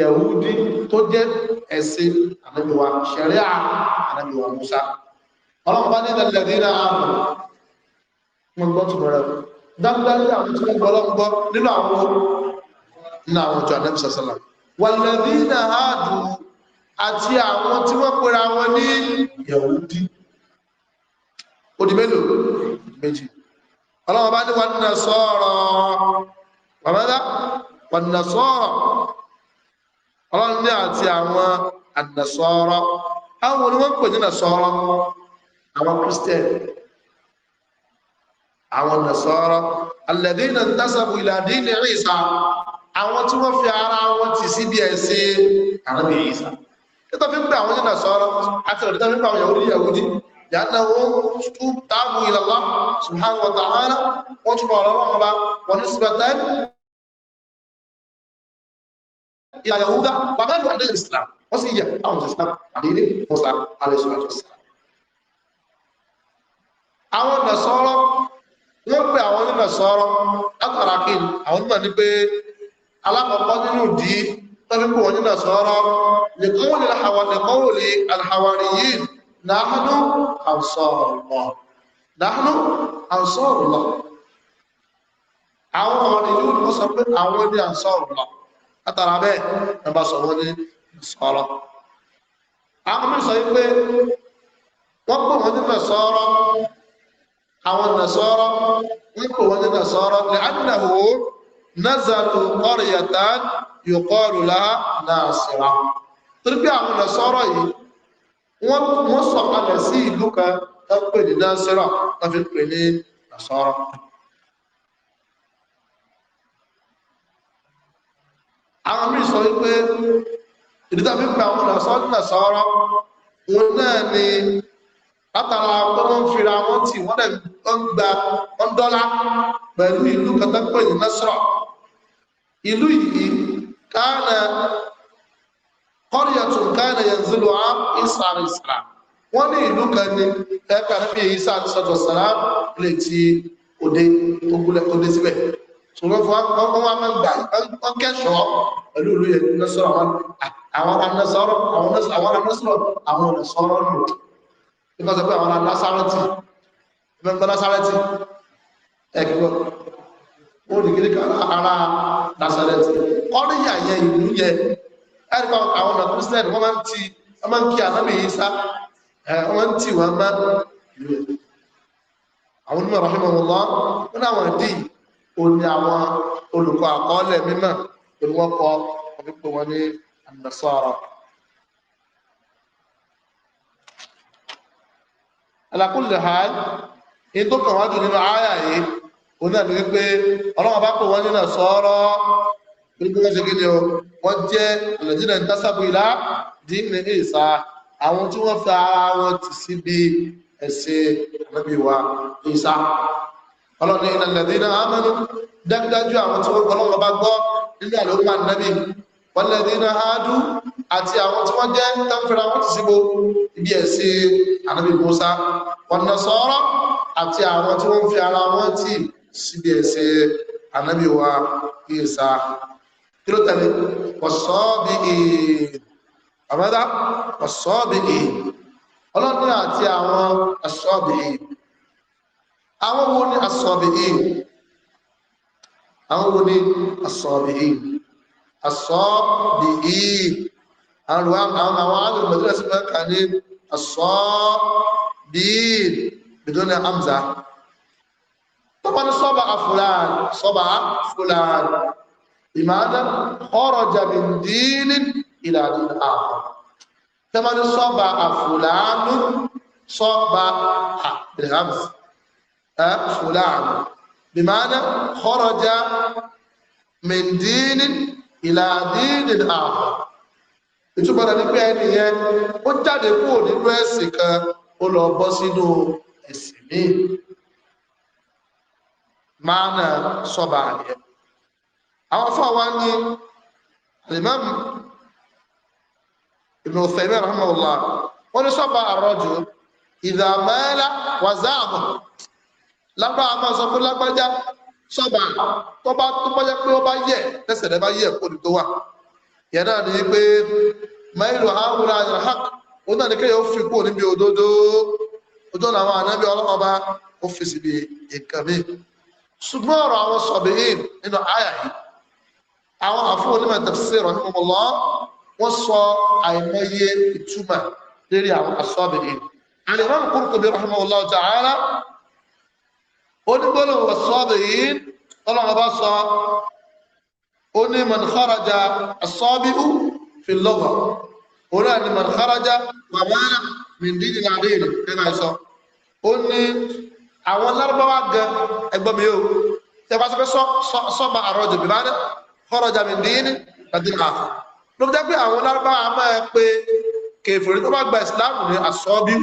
S2: yahudi tó jẹ́ ẹ̀sìn ànábìwá ṣẹ̀ríà ànábìwá musa ọlọ́run bá ní ìdàlẹ́dí náà wọn gbọ́ tó mọ̀rẹ́ dájúdájú àwọn tí wọ́n gbọ́ lọ́n gbọ́ nínú àwọn nínú àwọn ìjọ ànábì sàṣàlà wàlẹ́dí náà dùn àti àwọn tí wọ́n pera wọn ní yahudi ó di mélòó méjì ọlọ́run bá ní wọn nà sọ́ọ̀rọ̀ wàmẹ́dá wọn nà sọ́ọ̀rọ̀ ọlọ́run ní àti àwọn àdàsọ́ọ́rọ́ àwọn oníwọ́n pè ní nàsọ́ọ́rọ́ àwọn christian àwọn nàsọ́ọ́rọ́ alladhina intasabu ila dini Isa àwọn tí wọ́n fi ara wọn ti sí bí ẹ̀sìn àrẹ́bì Isa títọ́ fi ń pè àwọn ní nàsọ́ọ́rọ́ àti òdítọ́ fi ń pè àwọn Yahudi Yahudi لأنه تاب إلى الله سبحانه وتعالى وتب على الله ونسبة ìlà yahuda bàbá ìlú àdé islam wọ́n sì yẹ àwọn islam àdéhìdé musa alẹ́sọ̀rọ̀ àwọn nàṣọ́rọ́ wọ́n pè àwọn onínàṣọ́rọ́ látara kí àwọn onímọ̀ ní pé alákọ̀ọ́kọ́ nínú ìdí tọ́fí pé wọ́n nàṣọ́rọ́ nìkọ́wòlì alhawari yìí nahnu ansarullah nahnu ansarullah àwọn ọ̀rọ̀ ìlú wọ́n sọ pé àwọn ní ansarullah látara bẹ́ẹ̀ ẹ bá sọ wọ́n ní sọ́rọ́ àwọn mi sọ wípé wọ́n pè wọ́n ní mẹ́sọ́rọ́ àwọn mẹ́sọ́rọ́ wọ́n pè wọ́n ní mẹ́sọ́rọ́ ní annahu nazalu qaryatan yuqalu laha Nasira torí pé àwọn mẹ́sọ́rọ́ yìí wọ́n sọ̀kalẹ̀ sí ìlú kan tó pè ní Nasira tó fi pè ní mẹ́sọ́rọ́ àwọn míì sọ wípé ìdíta fi pe àwọn nàṣọ́nà sọ́rọ́ wọn náà ni látara pé wọ́n ń fira wọn tì wọ́n dẹ̀ ń gba wọ́n dọ́là pẹ̀lú ìlú kẹtẹ́pẹ̀ ní nẹ́sọ̀rọ̀ ìlú yìí káàna kọ́rìyàtù káàna yanzilu á ìsàrà ìsàrà wọ́n ní ìlú kan ní ẹ̀ka níbi ìsàrà ìsàrà lè ti òde tó gúnlẹ̀ ṣùgbọ́n fún ọkọ̀ wa máa gbà ọkẹ́ṣọ́ pẹ̀lú olóyè nẹ́sọ̀rọ̀ àwọn anẹ́sọ̀rọ̀ àwọn anẹ́sọ̀rọ̀ àwọn ọ̀nẹ́sọ̀rọ̀ nù nípa sọ pé àwọn anásárẹ́tì ẹgbẹ́ anásárẹ́tì ẹgbẹ́ ó ní kíríkà ara nasarẹ́tì ọdún yà yẹ ìlú yẹ ẹgbẹ́ àwọn ọ̀nà kírísítẹ́nì wọ́n máa ń ti wọ́n máa ń kí ànábì yìí sá wọ́n máa ń tì wọ́n máa ń àwọn onímọ̀ rahimahullah ó ní àwọn olùkọ́ àkọọ́lẹ̀ mímọ̀ pẹ̀lú wọn kọ wípé wọn ní ànàsárà alákùnlé ha ní tó kàn wájú nínú àyà yìí òun náà ní wípé ọlọ́wọ́n bá pè wọ́n ní nàsárà pẹ̀lú wọ́n ṣe kí ni o wọ́n jẹ́ nàìjíríà ń tásábù ìsà àwọn tí wọ́n fi ara wọn tì síbi ẹ̀sìn ànábì wa ìsà ọlọ́ni iná lẹ́dínà ámánú dájúdájú àwọn tí wọ́n gbọ́nà ọba gbọ́ nílẹ̀ àlórí ànábì wọ́n lẹ́dínà áádú àti àwọn tí wọ́n jẹ́ tánfẹ́ra wọ́n ti síbo ibi ẹ̀sí ànábì Musa wọ́n na sọ́ọ́rọ́ àti àwọn tí wọ́n fi ara wọn tì síbi ẹ̀sí ànábì wa Ìsá kí ló tẹ̀lé wọ́sọ́ọ́bì ọlọ́ni àti àwọn ẹ̀sọ́ọ́bì àwọn wo ni as-sabi'in àwọn wo ni as-sabi'in as-sabi'in àwọn alùmọ̀dúnrà sí mẹ́ka ní as-sabi'in bidun hamza tọ́pọ̀ ní sọ́bà fulan sọ́bà fulan ìmáadá kharaja min dinin ila din akhar tọ́pọ̀ ní sọ́bà fulan sọ́bà ha bil hamza فلان بمعنى خرج من دين إلى دين آخر ìtumọ̀ rẹ̀ ní pé ẹni yẹn ó jáde kúrò nínú ẹ̀sìn kan ó lọ bọ́ sínú ẹ̀sìn míì máa na sọ́ba àlẹ́ àwọn fọwọ́ ní alimam ibn Uthaymin rahimahullah wọ́n ní sọ́ba àrọ́jù ìdàmẹ́lá wàzáàmù lábá a máa sọ fún lágbájá sọ́bà tó bá tó bá yẹ pé ó bá yẹ tẹ́sẹ̀ rẹ̀ bá yẹ kó ní tó wà ìyẹn náà ni pé mẹ́rin àwòrán àyàrá hàk òun náà ni kéèyàn ó fi kúrò níbi òdodo ojú ọ̀nà àwọn ànábì ọlọ́wọ́ bá ó fi síbi nǹkan mi ṣùgbọ́n ọ̀rọ̀ àwọn sọ̀bìyìn nínú àyà yìí àwọn àfúnwò onímọ̀ tafsir rahimahullah wọ́n sọ àìmọye ìtumọ̀ lérí àwọn asọ́bìyìn àlè onígbónà wọ sọ́ọ̀bù yìí ọlọ́run bá sọ ó ní mọ̀nìkọ́rọ̀jà sọ́ọ̀bù fìlọ́gọ̀ òun náà ní mọ̀nìkọ́rọ̀jà wàmánà mìndíjì nàdín nígbà sọ ó ní àwọn lárúbáwá gan ẹgbọ́n mi yóò tẹ́gbà sọ pé sọ́ọ̀bà àrọ́jù bí bá dẹ́ kọ́rọ̀jà mìndíjì nàdín àfọ̀ ló jẹ́ pé àwọn lárúbáwá máa pe kèfèrè tó bá gba ìsìláàmù ní àsọ́ọ̀bù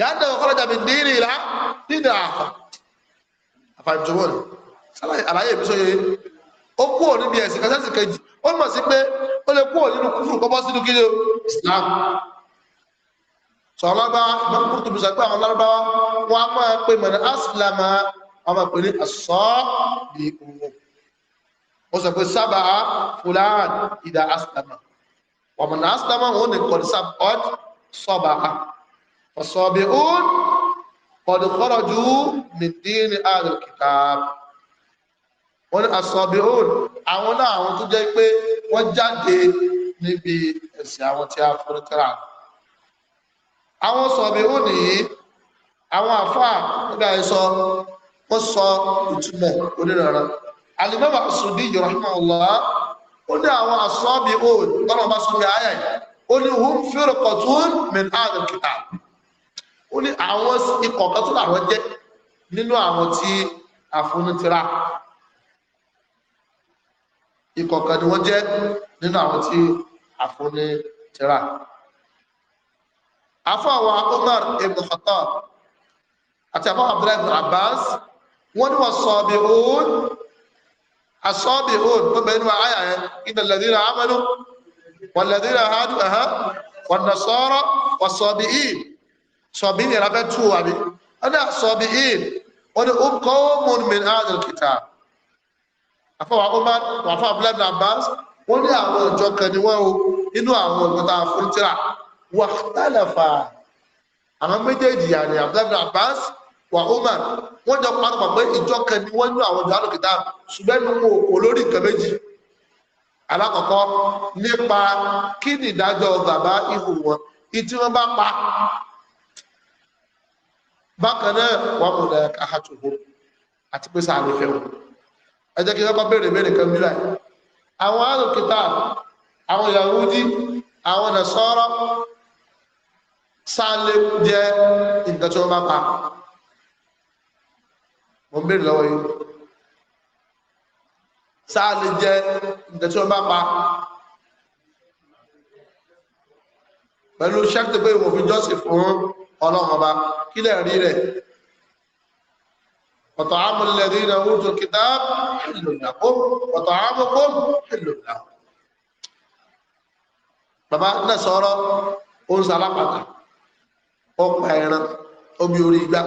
S2: yàtọ̀ kọ́rọ̀jà mìndíjì dídà àfà àfàjọwọ́ ni àlàyé ìbísọ́yẹ ó kú ò níbi ẹ̀sìn kẹsẹ́sì kejì ó mọ̀ sí pé ó lè kú ò nínú kúfùrù kọ́bọ́ sínú kí ni Islam sọlọ́gbà mọ́kúrú tó bùsà pé àwọn lárúbáwá wọn a máa pe mọ̀nà asìlámà wọn máa pè ní àṣọ ní owó ó sọ pé sábà fúláàdì ìdá asìlámà wọn mọ̀nà asìlámà wọn ò ní kọ́ ní sábà ọ̀d sọ́bà ọ̀sọ̀bẹ̀ òun قد خرجوا من دين اهل الكتاب wọ́n ní asọ́bíhùn àwọn náà àwọn tó jẹ́ pé wọ́n jáde níbi ẹ̀sìn àwọn tí a fún tíra àwọn sọ̀bíhùn nìyí àwọn àfáà nígbà ìsọ wọ́n sọ ìtumọ̀ onírànran alimọ́bà sùdí rahimahullah ó ní àwọn asọ́bíhùn tọ́nà bá sọ pé ó ní hum firqatun min ahlil ó ní àwọn ikọ̀ kan tó làwọn jẹ́ nínú àwọn tí àfúnitira ikọ̀ kan ni wọ́n jẹ́ nínú àwọn tí àfúnitira afọ́wà Umar ibn Khattab àti àfọ́wà Abdullahi ibn Abbas wọ́n ni wọ́n sọ bí òun asọ́bì òun tó bẹ̀rẹ̀ níwà ayà ẹ̀ innal ladhina amanu wal ladhina hadu ẹ̀hẹ́ wan nasara was sabi'in sọ̀bí ni ìrafẹ́ tú wa bí ọdún sọ̀bí in wọ́n ni ọkọ̀ mọ̀nmẹ́ni àdùn kìtà àfọwà ọmọ àfọwà abúlé abbas wọ́n ní àwọn ìjọ kan ni wọ́n o inú àwọn ọ̀gbọ̀ta fúntìrà wà tálẹ̀fà àwọn méjèèjì yà ni abúlé abbas wà ọmọ wọ́n jọ parapọ̀ pé ìjọ kan ni wọ́n nú àwọn ìjọ àdùn kìtà ṣùgbọ́n ní wọn lórí nǹkan méjì nípa kí ni ìdájọ́ bàbá ihò wọn ìtí wọn bá pa bákan náà wà mú náà káhá tó hó àti pé sáà lè fẹ́ wọn ẹ jẹ́ kí kọ́kọ́ béèrè mẹ́rin kan bíra àwọn àrùn kìtà àwọn Yahudi àwọn Nasara sáà lè jẹ nǹkan tí wọ́n bá pa mo ń béèrè lọ́wọ́ yìí sáà lè jẹ nǹkan tí wọ́n bá pa pẹ̀lú sẹ́kítẹ́ pé ìwọ̀n jọ́sìn fún ọlọ́run ọba kí lè rí rẹ̀ ọ̀tọ̀ àmúlẹ̀dí iná wújú kìtà ìlòlàkó ọ̀tọ̀ àmúkó ìlòlà bàbá náà sọ̀rọ̀ ó ń salápàtà ó pa ẹran omi orí igbá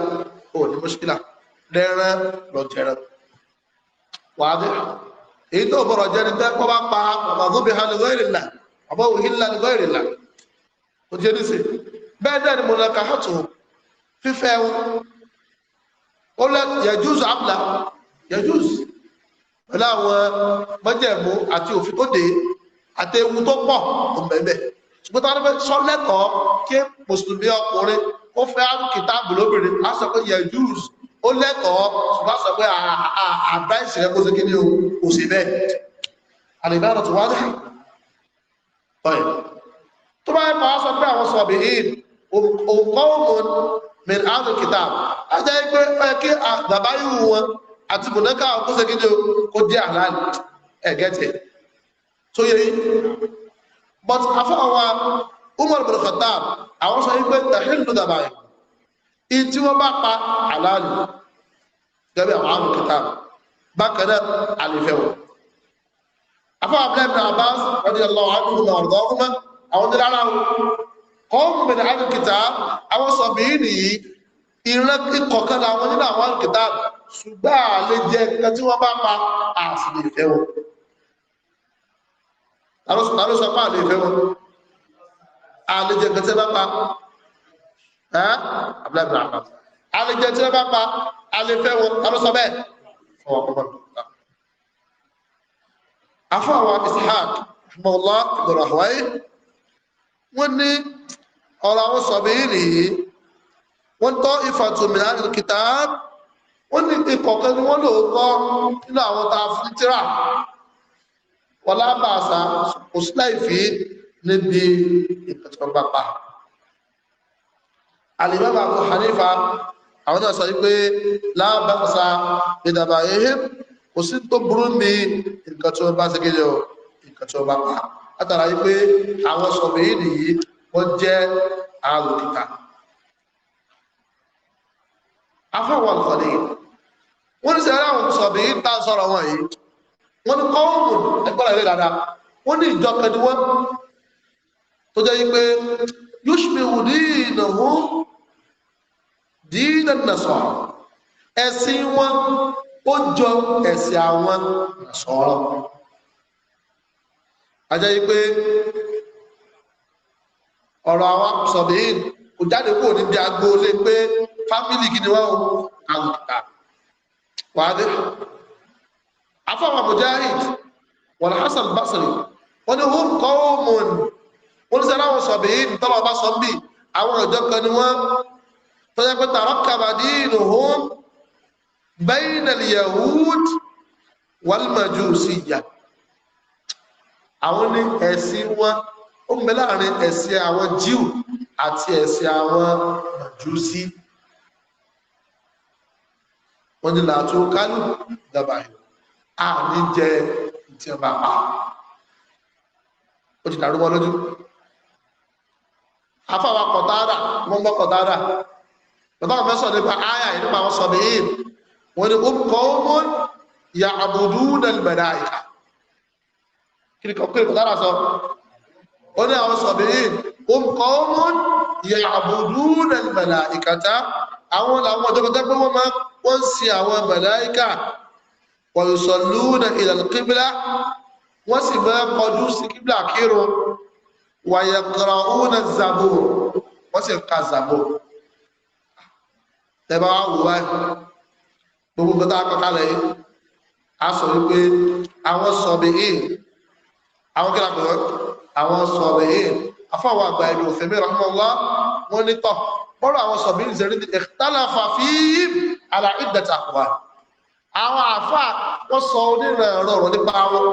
S2: ó ní mọ́ṣílà lẹ́ran lọ jẹran wàá dé èyí tó bọ̀rọ̀ jẹ́ ni pé kọ́ bá pa bàbá tó bí halẹ̀ lọ́ìrìlà bàbá òhìlà lọ́ìrìlà ó jẹ́ nísìnyí bẹ́ẹ̀ náà ni mo nà káhàtò fífẹ́ wọn ó lẹ́ yẹjúùsù abúlá yẹjúùsù pẹ̀lú àwọn mọ́jẹ̀mú àti òfin tó dé àti ewu tó pọ̀ tó bẹ̀bẹ̀ ṣùgbọ́n tó wọ́n sọ́lẹ́kọ̀ọ́ kí mùsùlùmí ọkùnrin ó fẹ́ kìtàbù lóbìnrin á sọ pé yẹjúùsù ó lẹ́kọ̀ọ́ ṣùgbọ́n sọ pé àbáìsì rẹ̀ kó sí kí ní o sì bẹ́ẹ̀ àlèbáràn tó wá dá tó bá yẹ kọ́ sọ pé àwọn sọ̀bì òkọ́ọ̀mùn mẹ́rin àánú kìtà ajá ẹgbẹ́ ẹkẹ́ bàbá yìí wọn àti bùnẹ́kà ọkùnṣe gidi kó jẹ́ àlàní ẹ̀gẹ́tẹ̀ tó yẹ yìí but afọ́wà Umar bin Khattab àwọn sọ wípé tàhílù dàbà yìí in tí wọ́n bá pa àlàní gẹ́gẹ́ àwọn àánú kìtà bákan náà àlefẹ́wọ̀ afọ́wà Abdullahi bin Abbas radiyallahu anhu àwọn ọ̀dọ́ ọkùnrin àwọn ọ̀dọ́ kọ́ọ̀mù bẹ̀rẹ̀ alùkìtà àwọn sọ̀bì nìyí ìran kíkọ̀kan làwọn nínú àwọn alùkìtà ṣùgbọ́n àlè jẹ nǹkan tí wọ́n bá pa àfìlè ìfẹ́ wọn àlọ́sọ pa àlè ìfẹ́ wọn àlè jẹ nǹkan tí wọ́n bá pa abúlábìlà àpá àlè jẹ tí wọ́n bá pa àlè ìfẹ́ wọn àlọ́sọ bẹ́ẹ̀ fọwọ́ ìgbọ̀rọ̀ àwọn wọ́n ní ọ̀rọ̀ àwọn sọ̀bìrì rèé wọ́n tọ́ ìfàtùmìnà kìtà ó ní ìkọ̀kẹ́ ni wọ́n lóòótọ́ nínú àwọn ta fún tíra wọ́n lábàáṣà kò sí láìfí níbi ìpẹ̀tọ̀gbàpá alìmọ́bà Abu Hanifa àwọn náà sọ wípé lábàáṣà ìdàbà ehe kò sí tó burú ní nǹkan bá ṣe kéde ọ̀ bá pa látara wípé àwọn sọ̀bẹ̀ yìí nìyí wọ́n jẹ́ àrò kíkà afọ́wọ́ nǹkan nìyí wọ́n ní sẹ́rẹ́ àwọn sọ̀bí bá sọ̀rọ̀ wọn yìí wọ́n ní kọ́ọ̀mù ẹgbẹ́rẹ́ ilé dáadáa wọ́n ní ìjọ kan ni wọ́n tó jẹ́ wípé yushbihu dinahu dinan nasara ẹ̀sìn wọn ó jọ ẹ̀sìn àwọn nasara a jẹ́ wípé ọ̀rọ̀ àwọn sọ̀bẹ̀yìn kò jáde kúrò níbi agbo lé pé fámìlì kí ni wọ́n àwùjá wàdé afọ́wà mujahid wal hasan basri wọ́n ni hum qawmun wọ́n ní sẹ́láwọ̀ sọ̀bẹ̀yìn tọ́lọ̀ bá sọ bí àwọn ọ̀jọ́ kan ni wọ́n tọ́jà pé tarakkaba dinuhum bayna al-yahud wal majusiyyah àwọn ní ẹ̀sìn wọn ó ń bẹ láàrin ẹ̀sìn àwọn Jíù àti ẹ̀sìn àwọn Màjúsí wọ́n ní làtó kálù dábàáyò a ní jẹ tí wọ́n bá pa ó ti dàrú mọ́ lójú afáwa kọ̀tàdà wọ́n gbọ́ kọ̀tàdà bàbá wọn fẹ́ nípa áyà yìí nípa àwọn sọ̀bì yìí wọ́n ní ó kọ́ ó yà nàìjíríà kí ni kọ́kọ́ ìkọ̀tàdà sọ ó ní àwọn sọ̀bìrín ọmọkọ̀ọ́mọ́ ya'budun al-malaikata àwọn làwọn ọjọ́kọ̀tà pé wọ́n máa wọ́n sin àwọn màláìkà wa yusalluna ila al-qibla wọ́n sì máa kọjú sí kíbla kírun wa yaqra'una az-zabur wọ́n sì ka zabur tẹ́bá wù wáyé gbogbo gbọ́dọ̀ akọ́kálẹ̀ yìí a sọ wípé àwọn sọ̀bìrín àwọn kílápẹ̀ àwọn sọ̀rọ̀ èyí afọ́wọ́ àgbà ìlú òfin mẹ́rin rahimahullah wọ́n ní tọ̀ bọ́rọ̀ àwọn sọ̀rọ̀ èyí zẹ̀rí ní ikhtalafa fihi ala iddati aqwal àwọn àfà wọ́n sọ onírìn ọ̀rọ̀ nípa wọn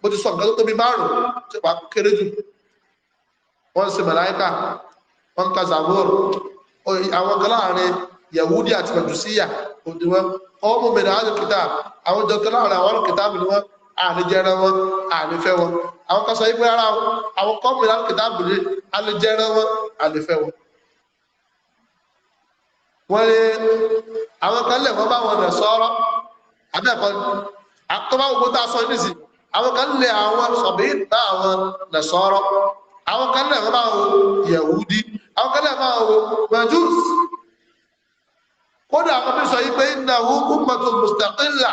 S2: bó ti sọ nǹkan tó tóbi márùn-ún tí wàá kéré jù wọ́n sì màláíkà wọ́n ka zabur àwọn gan láàrin yahudi àti majusiya òdiwọ́n ọmọ mẹ́rin àwọn àwọn jọ gan láàrin àwọn kìtà ni wọ́n àlejẹrẹ wọn àlefẹ wọn àwọn kan sọ wípé rárá àwọn kọ́mìnì alùkìtàbùlé àlejẹrẹ wọn àlefẹ wọn wọ́n lé àwọn kan lè wọ́n bá wọn rẹ̀ sọ́rọ́ abẹ́ẹ̀kọ́ àtọ́bá ogun tá a sọ nísì àwọn kan lè àwọn sọ̀bí bá àwọn rẹ̀ sọ́rọ́ àwọn kan lè wọ́n bá wọn yẹ̀wúdí àwọn kan lè bá wọn majus kódà àwọn bí sọ yí pé ìnáwó kúmọ̀tò mustaqilla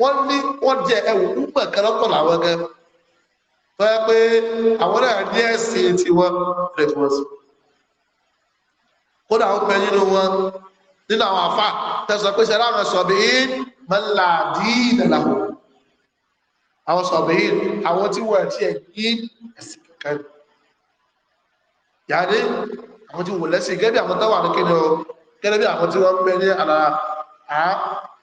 S2: wọ́n ní wọ́n jẹ ẹ̀wù púpọ̀ kan lọ́tọ̀ làwọn gan tó yẹ pé àwọn náà ní ẹ̀sìn tiwọn rẹ̀ tí wọ́n sùn kódà ó pẹ́ nínú wọn nínú àwọn àfà tẹ̀sán pé sẹ́lá àwọn sọ̀bì yìí máa ń là díì nàlà hù àwọn sọ̀bì yìí àwọn tí wọ́n ti ẹ̀ ní ẹ̀sìn kankan yàrá àwọn tí wọ́n lẹ́sìn gẹ́gẹ́ bí àwọn táwọn àdókè ni ó gẹ́gẹ́ bí àwọn tí wọ́n ń bẹ ní àlàrà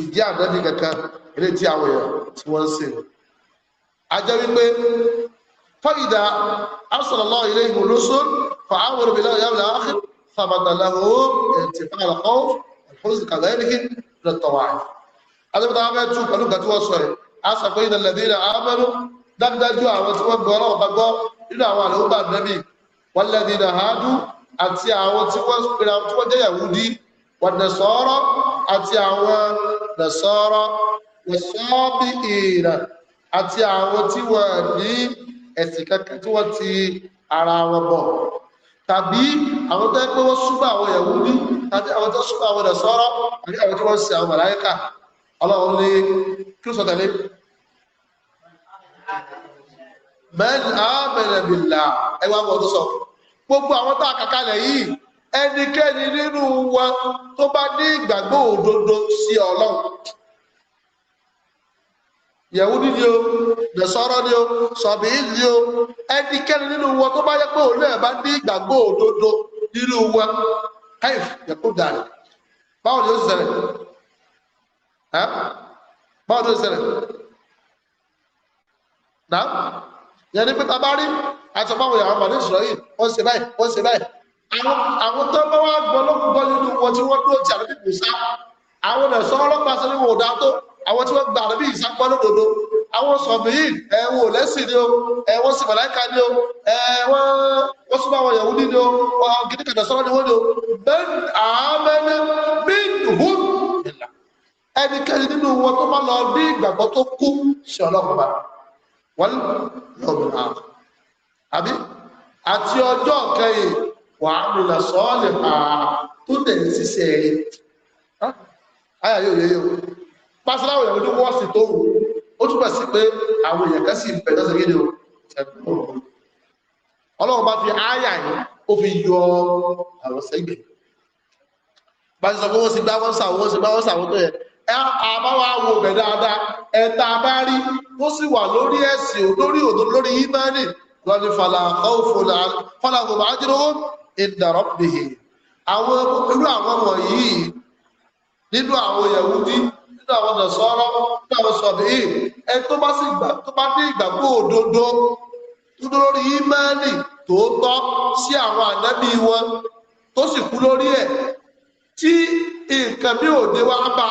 S2: ìjẹ́ ànábì kankan ilé tí àwọn èèyàn tí wọ́n ń sè ní. a jẹ́ wípé fọ́ìdà asọ̀lọ́lọ́ ilé ìhùn lóṣù fàáwọn obìnrin yàwó làwọn áfẹ́ sàbàtàlàwò ẹ̀tì fàlàkọ́ ìfọ́sì kàgbẹ́rìkì lọ́tọ̀wà. adébútà abẹ́ tún pẹ̀lú gàtí wọ́n sọ yìí a sọ pé ilẹ̀ lẹ́dí ilẹ̀ amẹ́nu dájúdájú àwọn tí wọ́n gbọ́ ọlọ́wọ́ bá gbọ́ nínú àwọn àlùbà nẹ́bì wọ́n lẹ́dí ilẹ̀ hádú àti àwọn tí wọ́n jẹ́ yahudi wọ́n dẹ̀ sọ́ọ́rọ́ àti àwọn nàṣọ́rọ́ wẹ̀ṣọ́bí ìrà àti àwọn tí wọ́n ní ẹ̀sìn kankan tí wọ́n ti ara wọn bọ̀ tàbí àwọn tó pé wọ́n súnmọ́ àwọn ẹ̀wù ní tàbí àwọn tó súnmọ́ àwọn nàṣọ́rọ́ àti àwọn tí wọ́n sin àwọn màláíkà ọlọ́run ní kí ó sọ tẹ̀lé mẹ́rin àmẹ́rẹ̀ ẹwà wọn tó sọ gbogbo àwọn tó àkàkalẹ̀ yìí ẹnikẹ́ni nínú wa tó bá ní ìgbàgbọ́ òdodo sí ọlọ́run yẹ̀wúdí ni o nẹ̀sọ́rọ́ ni o sọ̀bí ni o ẹnikẹ́ni nínú wa tó bá yẹ pé òun náà bá ní ìgbàgbọ́ òdodo nínú wa káyìf yẹ̀kú dàrí báwo ni ó ṣẹlẹ̀ báwo ni ó ṣẹlẹ̀ náà yẹn ni pété àti ọmọ àwọn ìyàwó àmàlẹ́ ìṣòro yìí wọ́n ṣe báyìí wọ́n ṣe báyìí àwọn tó bá wá gbọ́ ló gbọ́ nínú wọn tí wọ́n dúró ti àrẹ́bí ìsá àwọn ẹ̀sọ́ ọlọ́pàá sọ níwọ̀n ọ̀dá tó àwọn tí wọ́n gba àrẹ́bí ìsá gbọ́ lódodo àwọn sọ̀bì yìí ẹ̀wọ̀n lẹ́sìn ni o ẹ̀wọ̀n sì màláìka ni o ẹ̀wọ̀n wọ́n súnmọ́ àwọn ìyàwó ní ni o wọ́n gidi kàdà sọ́rọ́ ni wọ́n ni o bẹ́ẹ̀ àmẹ́ni bí dùbùn ẹnikẹ́ni nínú wọn tó bá lọ bí ìgbàgbọ́ wàhálà sọ́ọ̀lì àà tó tẹ̀lé ṣíṣe ẹ̀rí ayà yóò yẹ yóò pásílá òyìnbó tó wọ́ sí tó wù ó túbọ̀ sí pé àwọn èèyàn kan sì bẹ̀ lọ́sẹ̀ gídé o ọlọ́run bá fi ayà yìí ó fi yọ àwọn sẹ́gbẹ̀ bá ti sọ pé wọ́n sì gbá wọ́n sàwọ́ sì gbá wọ́n sàwọ́ tó yẹ àbáwá wo bẹ̀ dáadáa ẹ̀ta bá rí ó sì wà lórí ẹ̀sìn lórí òdòdó lórí ìmánì lọ́ni fàlàkọ́ òfòlà fàlàkọ́ bá jíròó ìdàrọ́bìhì àwọn irú àwọn wọ̀nyí nínú àwọn Yahudi nínú àwọn Nasara nínú àwọn sọ̀bìhì ẹ tó bá sì gbà tó bá ní ìgbàgbọ́ òdodo tó dúró lórí ímẹ́ẹ̀lì tòótọ́ sí àwọn ànábì wọn tó sì kú lórí ẹ̀ tí nǹkan bí òde wá bá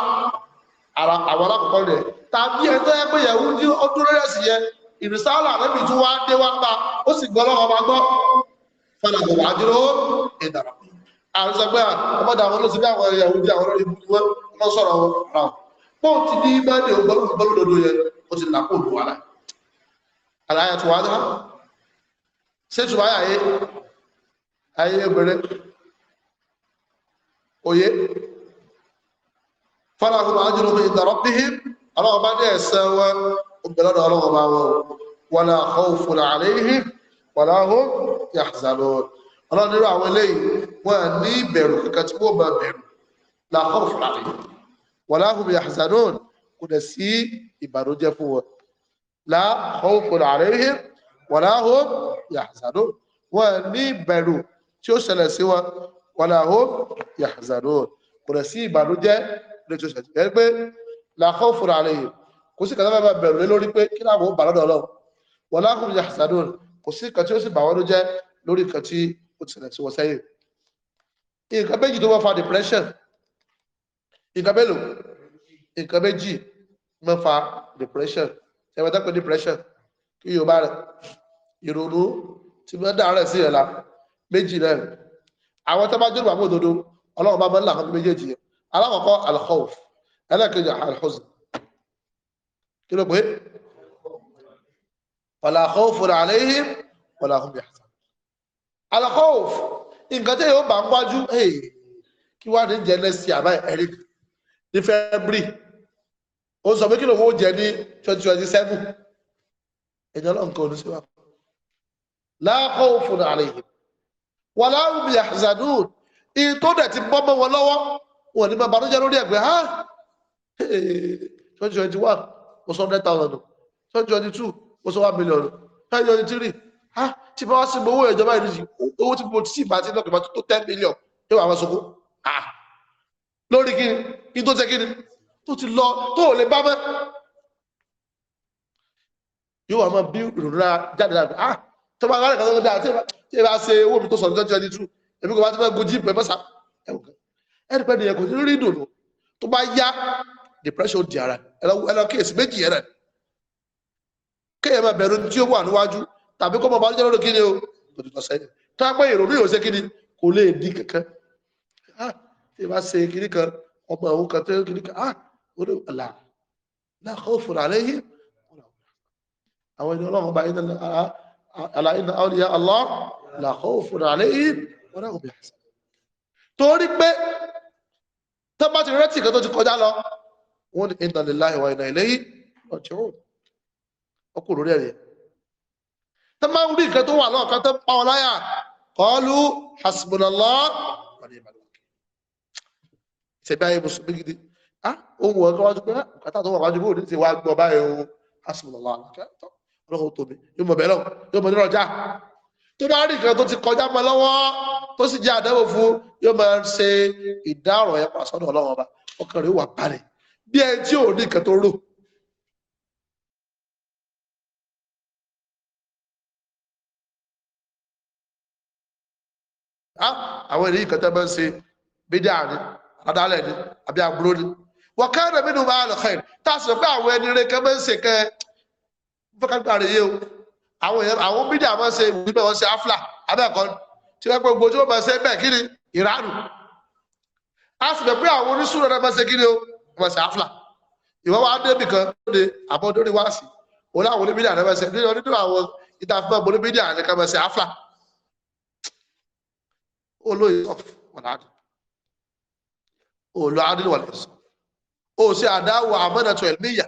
S2: àwọn alákọ̀ọ́kọ́ rẹ̀ tàbí ẹ̀ tó yẹ pé Yahudi ọdún rẹ̀ sì yẹ ìrísàlà ànábì tún wá dé wá bá ó sì gbọ́ bá gbọ́ fọ́nàbọ̀ wà dúró ìdàrà àwọn sọ pé ọmọdé àwọn olóṣèlú àwọn ìyàwó bí àwọn olórin bú wọn sọ̀rọ̀ ọ̀rọ̀ pọ́n ti ní mẹ́rin ògbọ́lódodo yẹn ó ti làpò lù wà láì àlàyé tó wà dá ṣé tó báyà yé ayé obìnrin òye fọ́nàbọ̀ wà dúró ìdàrà bí i ọlọ́wọ́ bá dé yahzanun ọlọ́run irú àwọn eléyìí wọ́n ní ìbẹ̀rù kankan tí wọ́n máa bẹ̀rù la khawfun alayhim wala hum yahzanun kò dẹ̀ sí ìbànújẹ́ fún wọn la khawfun alayhim wala hum yahzanun wọ́n ní ìbẹ̀rù tí ó ṣẹlẹ̀ sí wọn wala hum yahzanun kò dẹ̀ sí ìbànújẹ́ lẹ́tọ́ ṣẹlẹ̀ yẹn pé la khawfun kò sí kàtàkàtà kò sí nǹkan tí ó sì bà wọ́n ló jẹ́ lórí nǹkan tí ó ti rẹ̀ sí wọn sẹ́yìn nǹkan méjì tó wọ́n fa depression nǹkan mélòó nǹkan méjì máa fa depression ẹ̀wọ̀n tẹ́pẹ́ depression kí yorùbá rẹ̀ ìrònú tí wọ́n dá rẹ̀ sí ẹ̀ la méjì rẹ̀ àwọn tó bá jẹ́ ìgbàgbọ́ òdodo ọlọ́run bá máa ń là wọn méjèèjì yẹn alákọ̀ọ́kọ́ alkhawf ẹlẹ́kejì alhuzn kí ló pé wala khawfun alayhim wala hum yahzanun al-khawf nǹkan tí yóò bá ń wájú kí wá ní jẹ next year by eric ní february ó sọ pé kí lòun ó jẹ ní twenty twenty seven ẹ̀jẹ̀ náà nǹkan oníṣẹ́ wa la khawfun alayhim wala hum yahzanun ìyí tó dẹ̀ ti bọ́ mọ́ wọn lọ́wọ́ wọn ní máa banújẹ́ lórí ẹ̀gbẹ́ ha twenty twenty one mo sọ hundred thousand twenty twenty two ó sọ wá mílíọ̀nù five hundred three ha tí bá wá sí owó ìjọba ìlú yìí owó tí mo ti sì bá ti lọ́kẹ̀ẹ́ bá tó ten million yóò wá wá sọ́kó ha lórí kí ni kí tó tẹ kí ni tó ti lọ tó ò lè bá mẹ́ yóò wá máa bí ìrora jáde láti ah tó bá rárẹ̀ kan tó dáa tí ẹ bá ṣe owó mi tó sọ̀rọ̀ twenty twenty two èmi kò bá ti fẹ́ gojí ìpẹ́ mẹ́sà ẹ̀rù pẹ́ nìyẹn kò ní rí ìdùnnú tó bá yá depression di ara ẹ kéèsì méjì yẹn kéèyàn máa bẹ̀rù tí ó wà níwájú tàbí kó mọ bá jẹ́ lọ́dọ̀ kí ni o kò tìtọ̀ sẹ́yìn tó á pé ìrònú yóò ṣe kí ni kò lè di kankan ah tí bá ṣe kiri kan ọmọ òun kan tó kiri kan ah ó ní ọ̀là náà kó fòrò àlẹ́ yìí àwọn ènìyàn ọlọ́run bá iná àlàyé náà ọ̀lìyà Allah là kó fòrò àlẹ́ yìí torí pé tó bá ti rẹ́tì kan tó ti kọjá lọ wọ́n ní inna lillahi wa inna ilayhi ọkùn lórí ẹ̀rẹ̀ tó máa ń rí nǹkan tó wà lọ́ọ̀kan tó pa ọ láyà kọlu hasbunallá ìṣẹ̀bí ayé mùsùlùmí gidi ohun ọ̀gá wájú pé kàtà tó wà wájú bó ní ti wá gbọ́ báyìí o hasbunallá ọlọ́run tóbi yóò mọ̀ bẹ́ẹ̀ yóò mọ̀ nínú ọjà tó bá rí nǹkan tó ti kọjá mọ́ lọ́wọ́ tó sì jẹ́ àdánwò fún yóò máa ṣe ìdárò ẹ̀ pàṣọ́nà ọlọ́run ọba ọkàn rẹ̀ wà balẹ̀ bí ẹ tí ò ní nǹkan tó rò àwọn èyí kẹtẹ bẹ ń ṣe bídíà ni àdálẹ ni àbí àbúrò ni wọn kẹrẹ mi nù máa lọ kẹ tá a sọ pé àwọn ẹni rẹ kẹ bẹ ń ṣe kẹ fọkàgbà rẹ yé o àwọn èèyàn àwọn bídíà máa ń ṣe ìwé bẹ́ẹ̀ wọ́n ṣe afla abẹ́ẹ̀kọ́ tí wọ́n pe gbòjú wọn máa ṣe bẹ́ẹ̀ kí ni ìránù a sì bẹ̀ pé àwọn oníṣúná náà máa ṣe kí ni o wọ́n ṣe afla ìwọ́ wa débì kan lóde àbọ̀ lórí wáàsì òun láwọn oníbídíà náà máa ṣe nínú àwọn ìtàfẹ́ mọ́ oníbídíà ni ká máa ṣe afla olóyè sọ́tù wọn àdì olú àdì wà lẹ́sọ ó sì àdáwọ̀ àmọ́nàtò ẹ̀míyà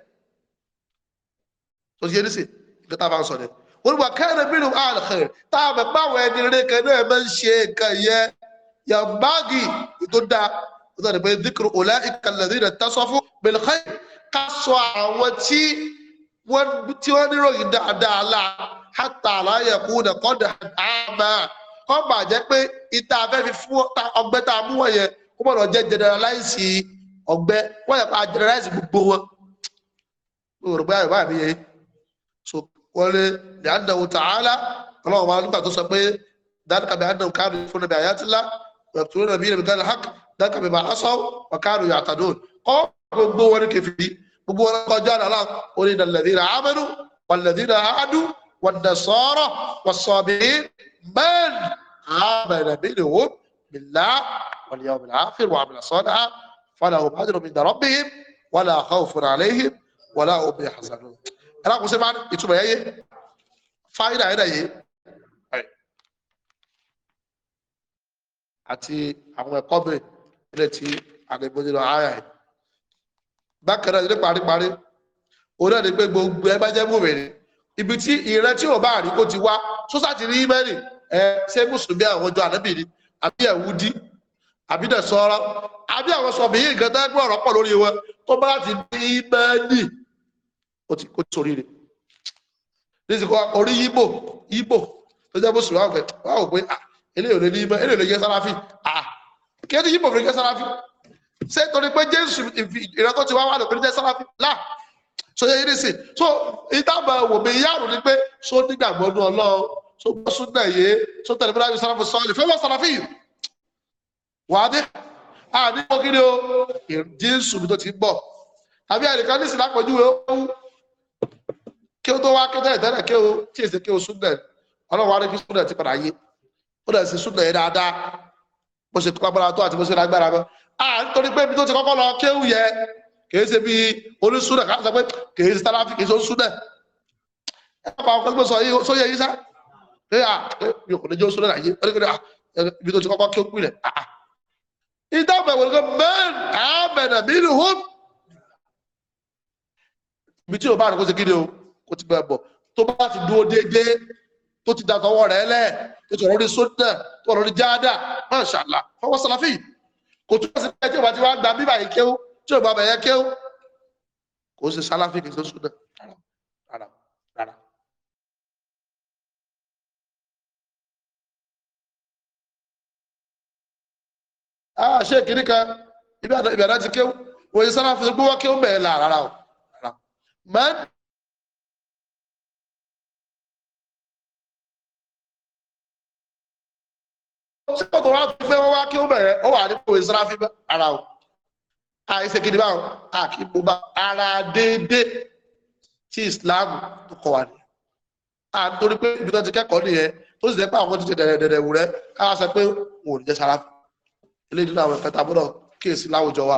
S2: tó ṣe ní sí nǹkan tá a bá ń sọ ni wọ́n wà kẹ́rin bínú àlùkẹ́ tá a fẹ́ pàwọ̀ ẹni rere kan náà máa ń ṣe nǹkan yẹ yàmbáàgì tó dáa ó sọ ni pé díkùrù ọ̀lá ìkàlẹ̀ rẹ̀ tẹ́sọ́ fún bẹ̀lẹ́kẹ́ ká sọ àwọn tí wọ́n tí wọ́n dáadáa lá hátà láyẹ̀kú nà kọ́dà àmà kọ́ bà jẹ́ pé ìta afẹ́ fi fún ọgbẹ́ tá a mú wọ̀ yẹn kó gbọ́dọ̀ jẹ́ generalize ọgbẹ́ wọ́n yẹ pa generalize gbogbo wọn. Yorùbá báyìí báyìí mi yẹ so wọ́n lé yàdàwó tààlà ọlọ́run wa nígbà tó sọ pé dáríkà bí àdàwó káàdùn fún nàbí àyàtìlá yàtúrò nàbí nàbí gánà hàk dáríkà bí màá sọ wà káàdùn yàtàdùn ọ gbogbo wọn kẹfì gbogbo wọn kọjá nàlá orí nàlẹ́dínà amẹ́nu wàlẹ́dínà àádùn wàdà sọ́rọ̀ من عمل منهم بالله واليوم الآخر وعمل صالحا فلهم أجر عند ربهم ولا خوف عليهم ولا هم يحزنون ẹ̀rọ kò sí máa ìtumọ̀ yẹ́yẹ́ fáyidà ẹ̀rọ yìí àti àwọn ẹ̀kọ́ mi ilé tí àgbẹ̀bọ̀dé lọ ara ẹ̀ bákan náà ní paríparí òun náà ní pé gbogbo ẹ bá jẹ́ mú mi rí ibi tí ìrẹ́ tí ò bá rí kó ti wá sósà ti rí mẹ́rin ẹ ṣé mùsùlùmí àwọn ọjọ́ ànábìrì àbí ẹ̀wúdí àbí dẹ̀sọ́rọ́ àbí àwọn sọ̀bì yìí nǹkan tẹ́gbẹ́ ọ̀rọ̀ pọ̀ lórí wọn tó bá láti ní ìmẹ́ẹ̀lì ó ti sórí rẹ̀ nísìkọ́ orí yíbò yíbò tó jẹ́ mùsùlùmí àwọn ọ̀pẹ wà ó pé ah, eléyìí ò lè ní ìmọ̀ eléyìí ò lè jẹ́ sáráfì ah, kí ẹni yíbò fi jẹ́ sáráfì ṣé torí pé jésù ìrẹ́tọ́ ti wá wà lópin jẹ́ sáráfì láà so yẹ yìí nísìn so ìtàbà wò mí yáàrú ni pé so nígbàgbọ́ tó gbọ́ súnà yé tó tẹ̀lé bíláàbí sàràfù sọ́ọ̀lì fẹ́ bá sàràfì wàdí àní kókìrì o jíǹsù mi tó ti bọ̀ àbí àdìkan ní ìsìlá pẹ̀lú ewu kí o tó wá kí o tẹ̀lé tẹ́lẹ̀ kí o tí èsì kí o súnà ọlọ́run wa ní kí súnà ti padà yé ó dẹ̀ sí súnà yẹn dáadáa bó ṣe kọ́kọ́ tó àti bó ṣe lágbára mọ́ à nítorí pé ibi tó ti kọ́kọ́ lọ kéwù yẹ kìí ṣe bí onísúnà káàkiri sọ pé kìí ṣe táláfì kìí ṣe pé eh, à ah, eh, mi kò lè jẹ́ oṣù náà yìí ọdún ibi tó ti kọ́kọ́ kí ó pìlẹ̀ àà ah, ah. ìdábẹ̀ wọ̀n kan mẹ́rin àmẹ́nà mìíràn hóm ibi tí o bá rẹ̀ kó ti kí ni o kó ti bẹ̀rẹ̀ bọ̀ tó bá ti dúró déédéé tó ti dàtọ̀wọ́ rẹ̀ lẹ̀ tó ti rọrí sódà tó rọrí jáádà Masha Allah fọwọ́ sàlàfì kò tó sì bẹ́ẹ̀ tí o bá ti wá gba bíbà yìí kéwú tí o bá bẹ̀yẹ kéwú kò sì sàlàfì kì í sódà Ah, ṣe kìíní kan ibi àdá ti kéwù òye sára fi gbówó kéwù bẹ̀rẹ̀ là rárá o máa ń sọ́kòtò wa fi gbé wọn wá kí ó bẹ̀rẹ̀ ó wà ní òwe sáráfí ara o àìsè kìdí báwọn àkíkó bá ara déédéé tí Islam tó kọ wà ní. à ń torí pé ibi tó ti kẹ́kọ̀ọ́ nìyẹn tó sì jẹ́ pé àwọn tó ti dẹ̀dẹ̀dẹ̀dẹ̀ wù rẹ́ ká sọ pé wọn ò ní jẹ́ sáráfí. eléyìí nínú àwọn ìkẹta gbọ́dọ̀ kíyèsí láwùjọ wa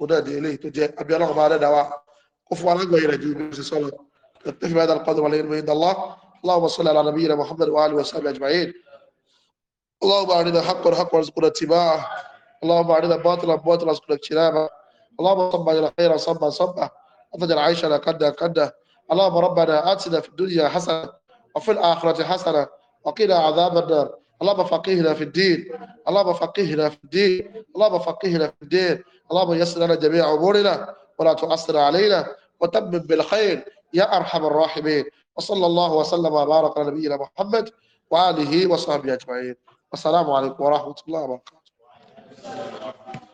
S2: ó náà ní eléyìí tó jẹ́ abẹ́ ọlọ́run máa dẹ́dà wa kó fún alágbọ̀n yìí rẹ̀ ju bí mo ṣe sọ lọ tẹ́fí bá dàrú pàdé wàlẹ́ ìrìnà ìdàlá اللهم صل على نبينا محمد وآله وصحبه أجمعين اللهم أرنا حقا حقا وارزقنا اتباعه اللهم أرنا باطلا باطلا وارزقنا اجتنابه اللهم صب إلى خير صبا صبا وتجعل عيشنا كدا كدا اللهم ربنا آتنا في الدنيا حسنة وفي الآخرة حسنة وقنا عذاب النار اللهم بفقهنا في الدين اللهم بفقهنا في الدين اللهم بفقهنا في الدين اللهم يسر لنا جميع امورنا ولا تؤثر علينا وتمم بالخير يا ارحم الراحمين وصلى الله وسلم وبارك على نبينا محمد واله وصحبه اجمعين والسلام عليكم ورحمه الله وبركاته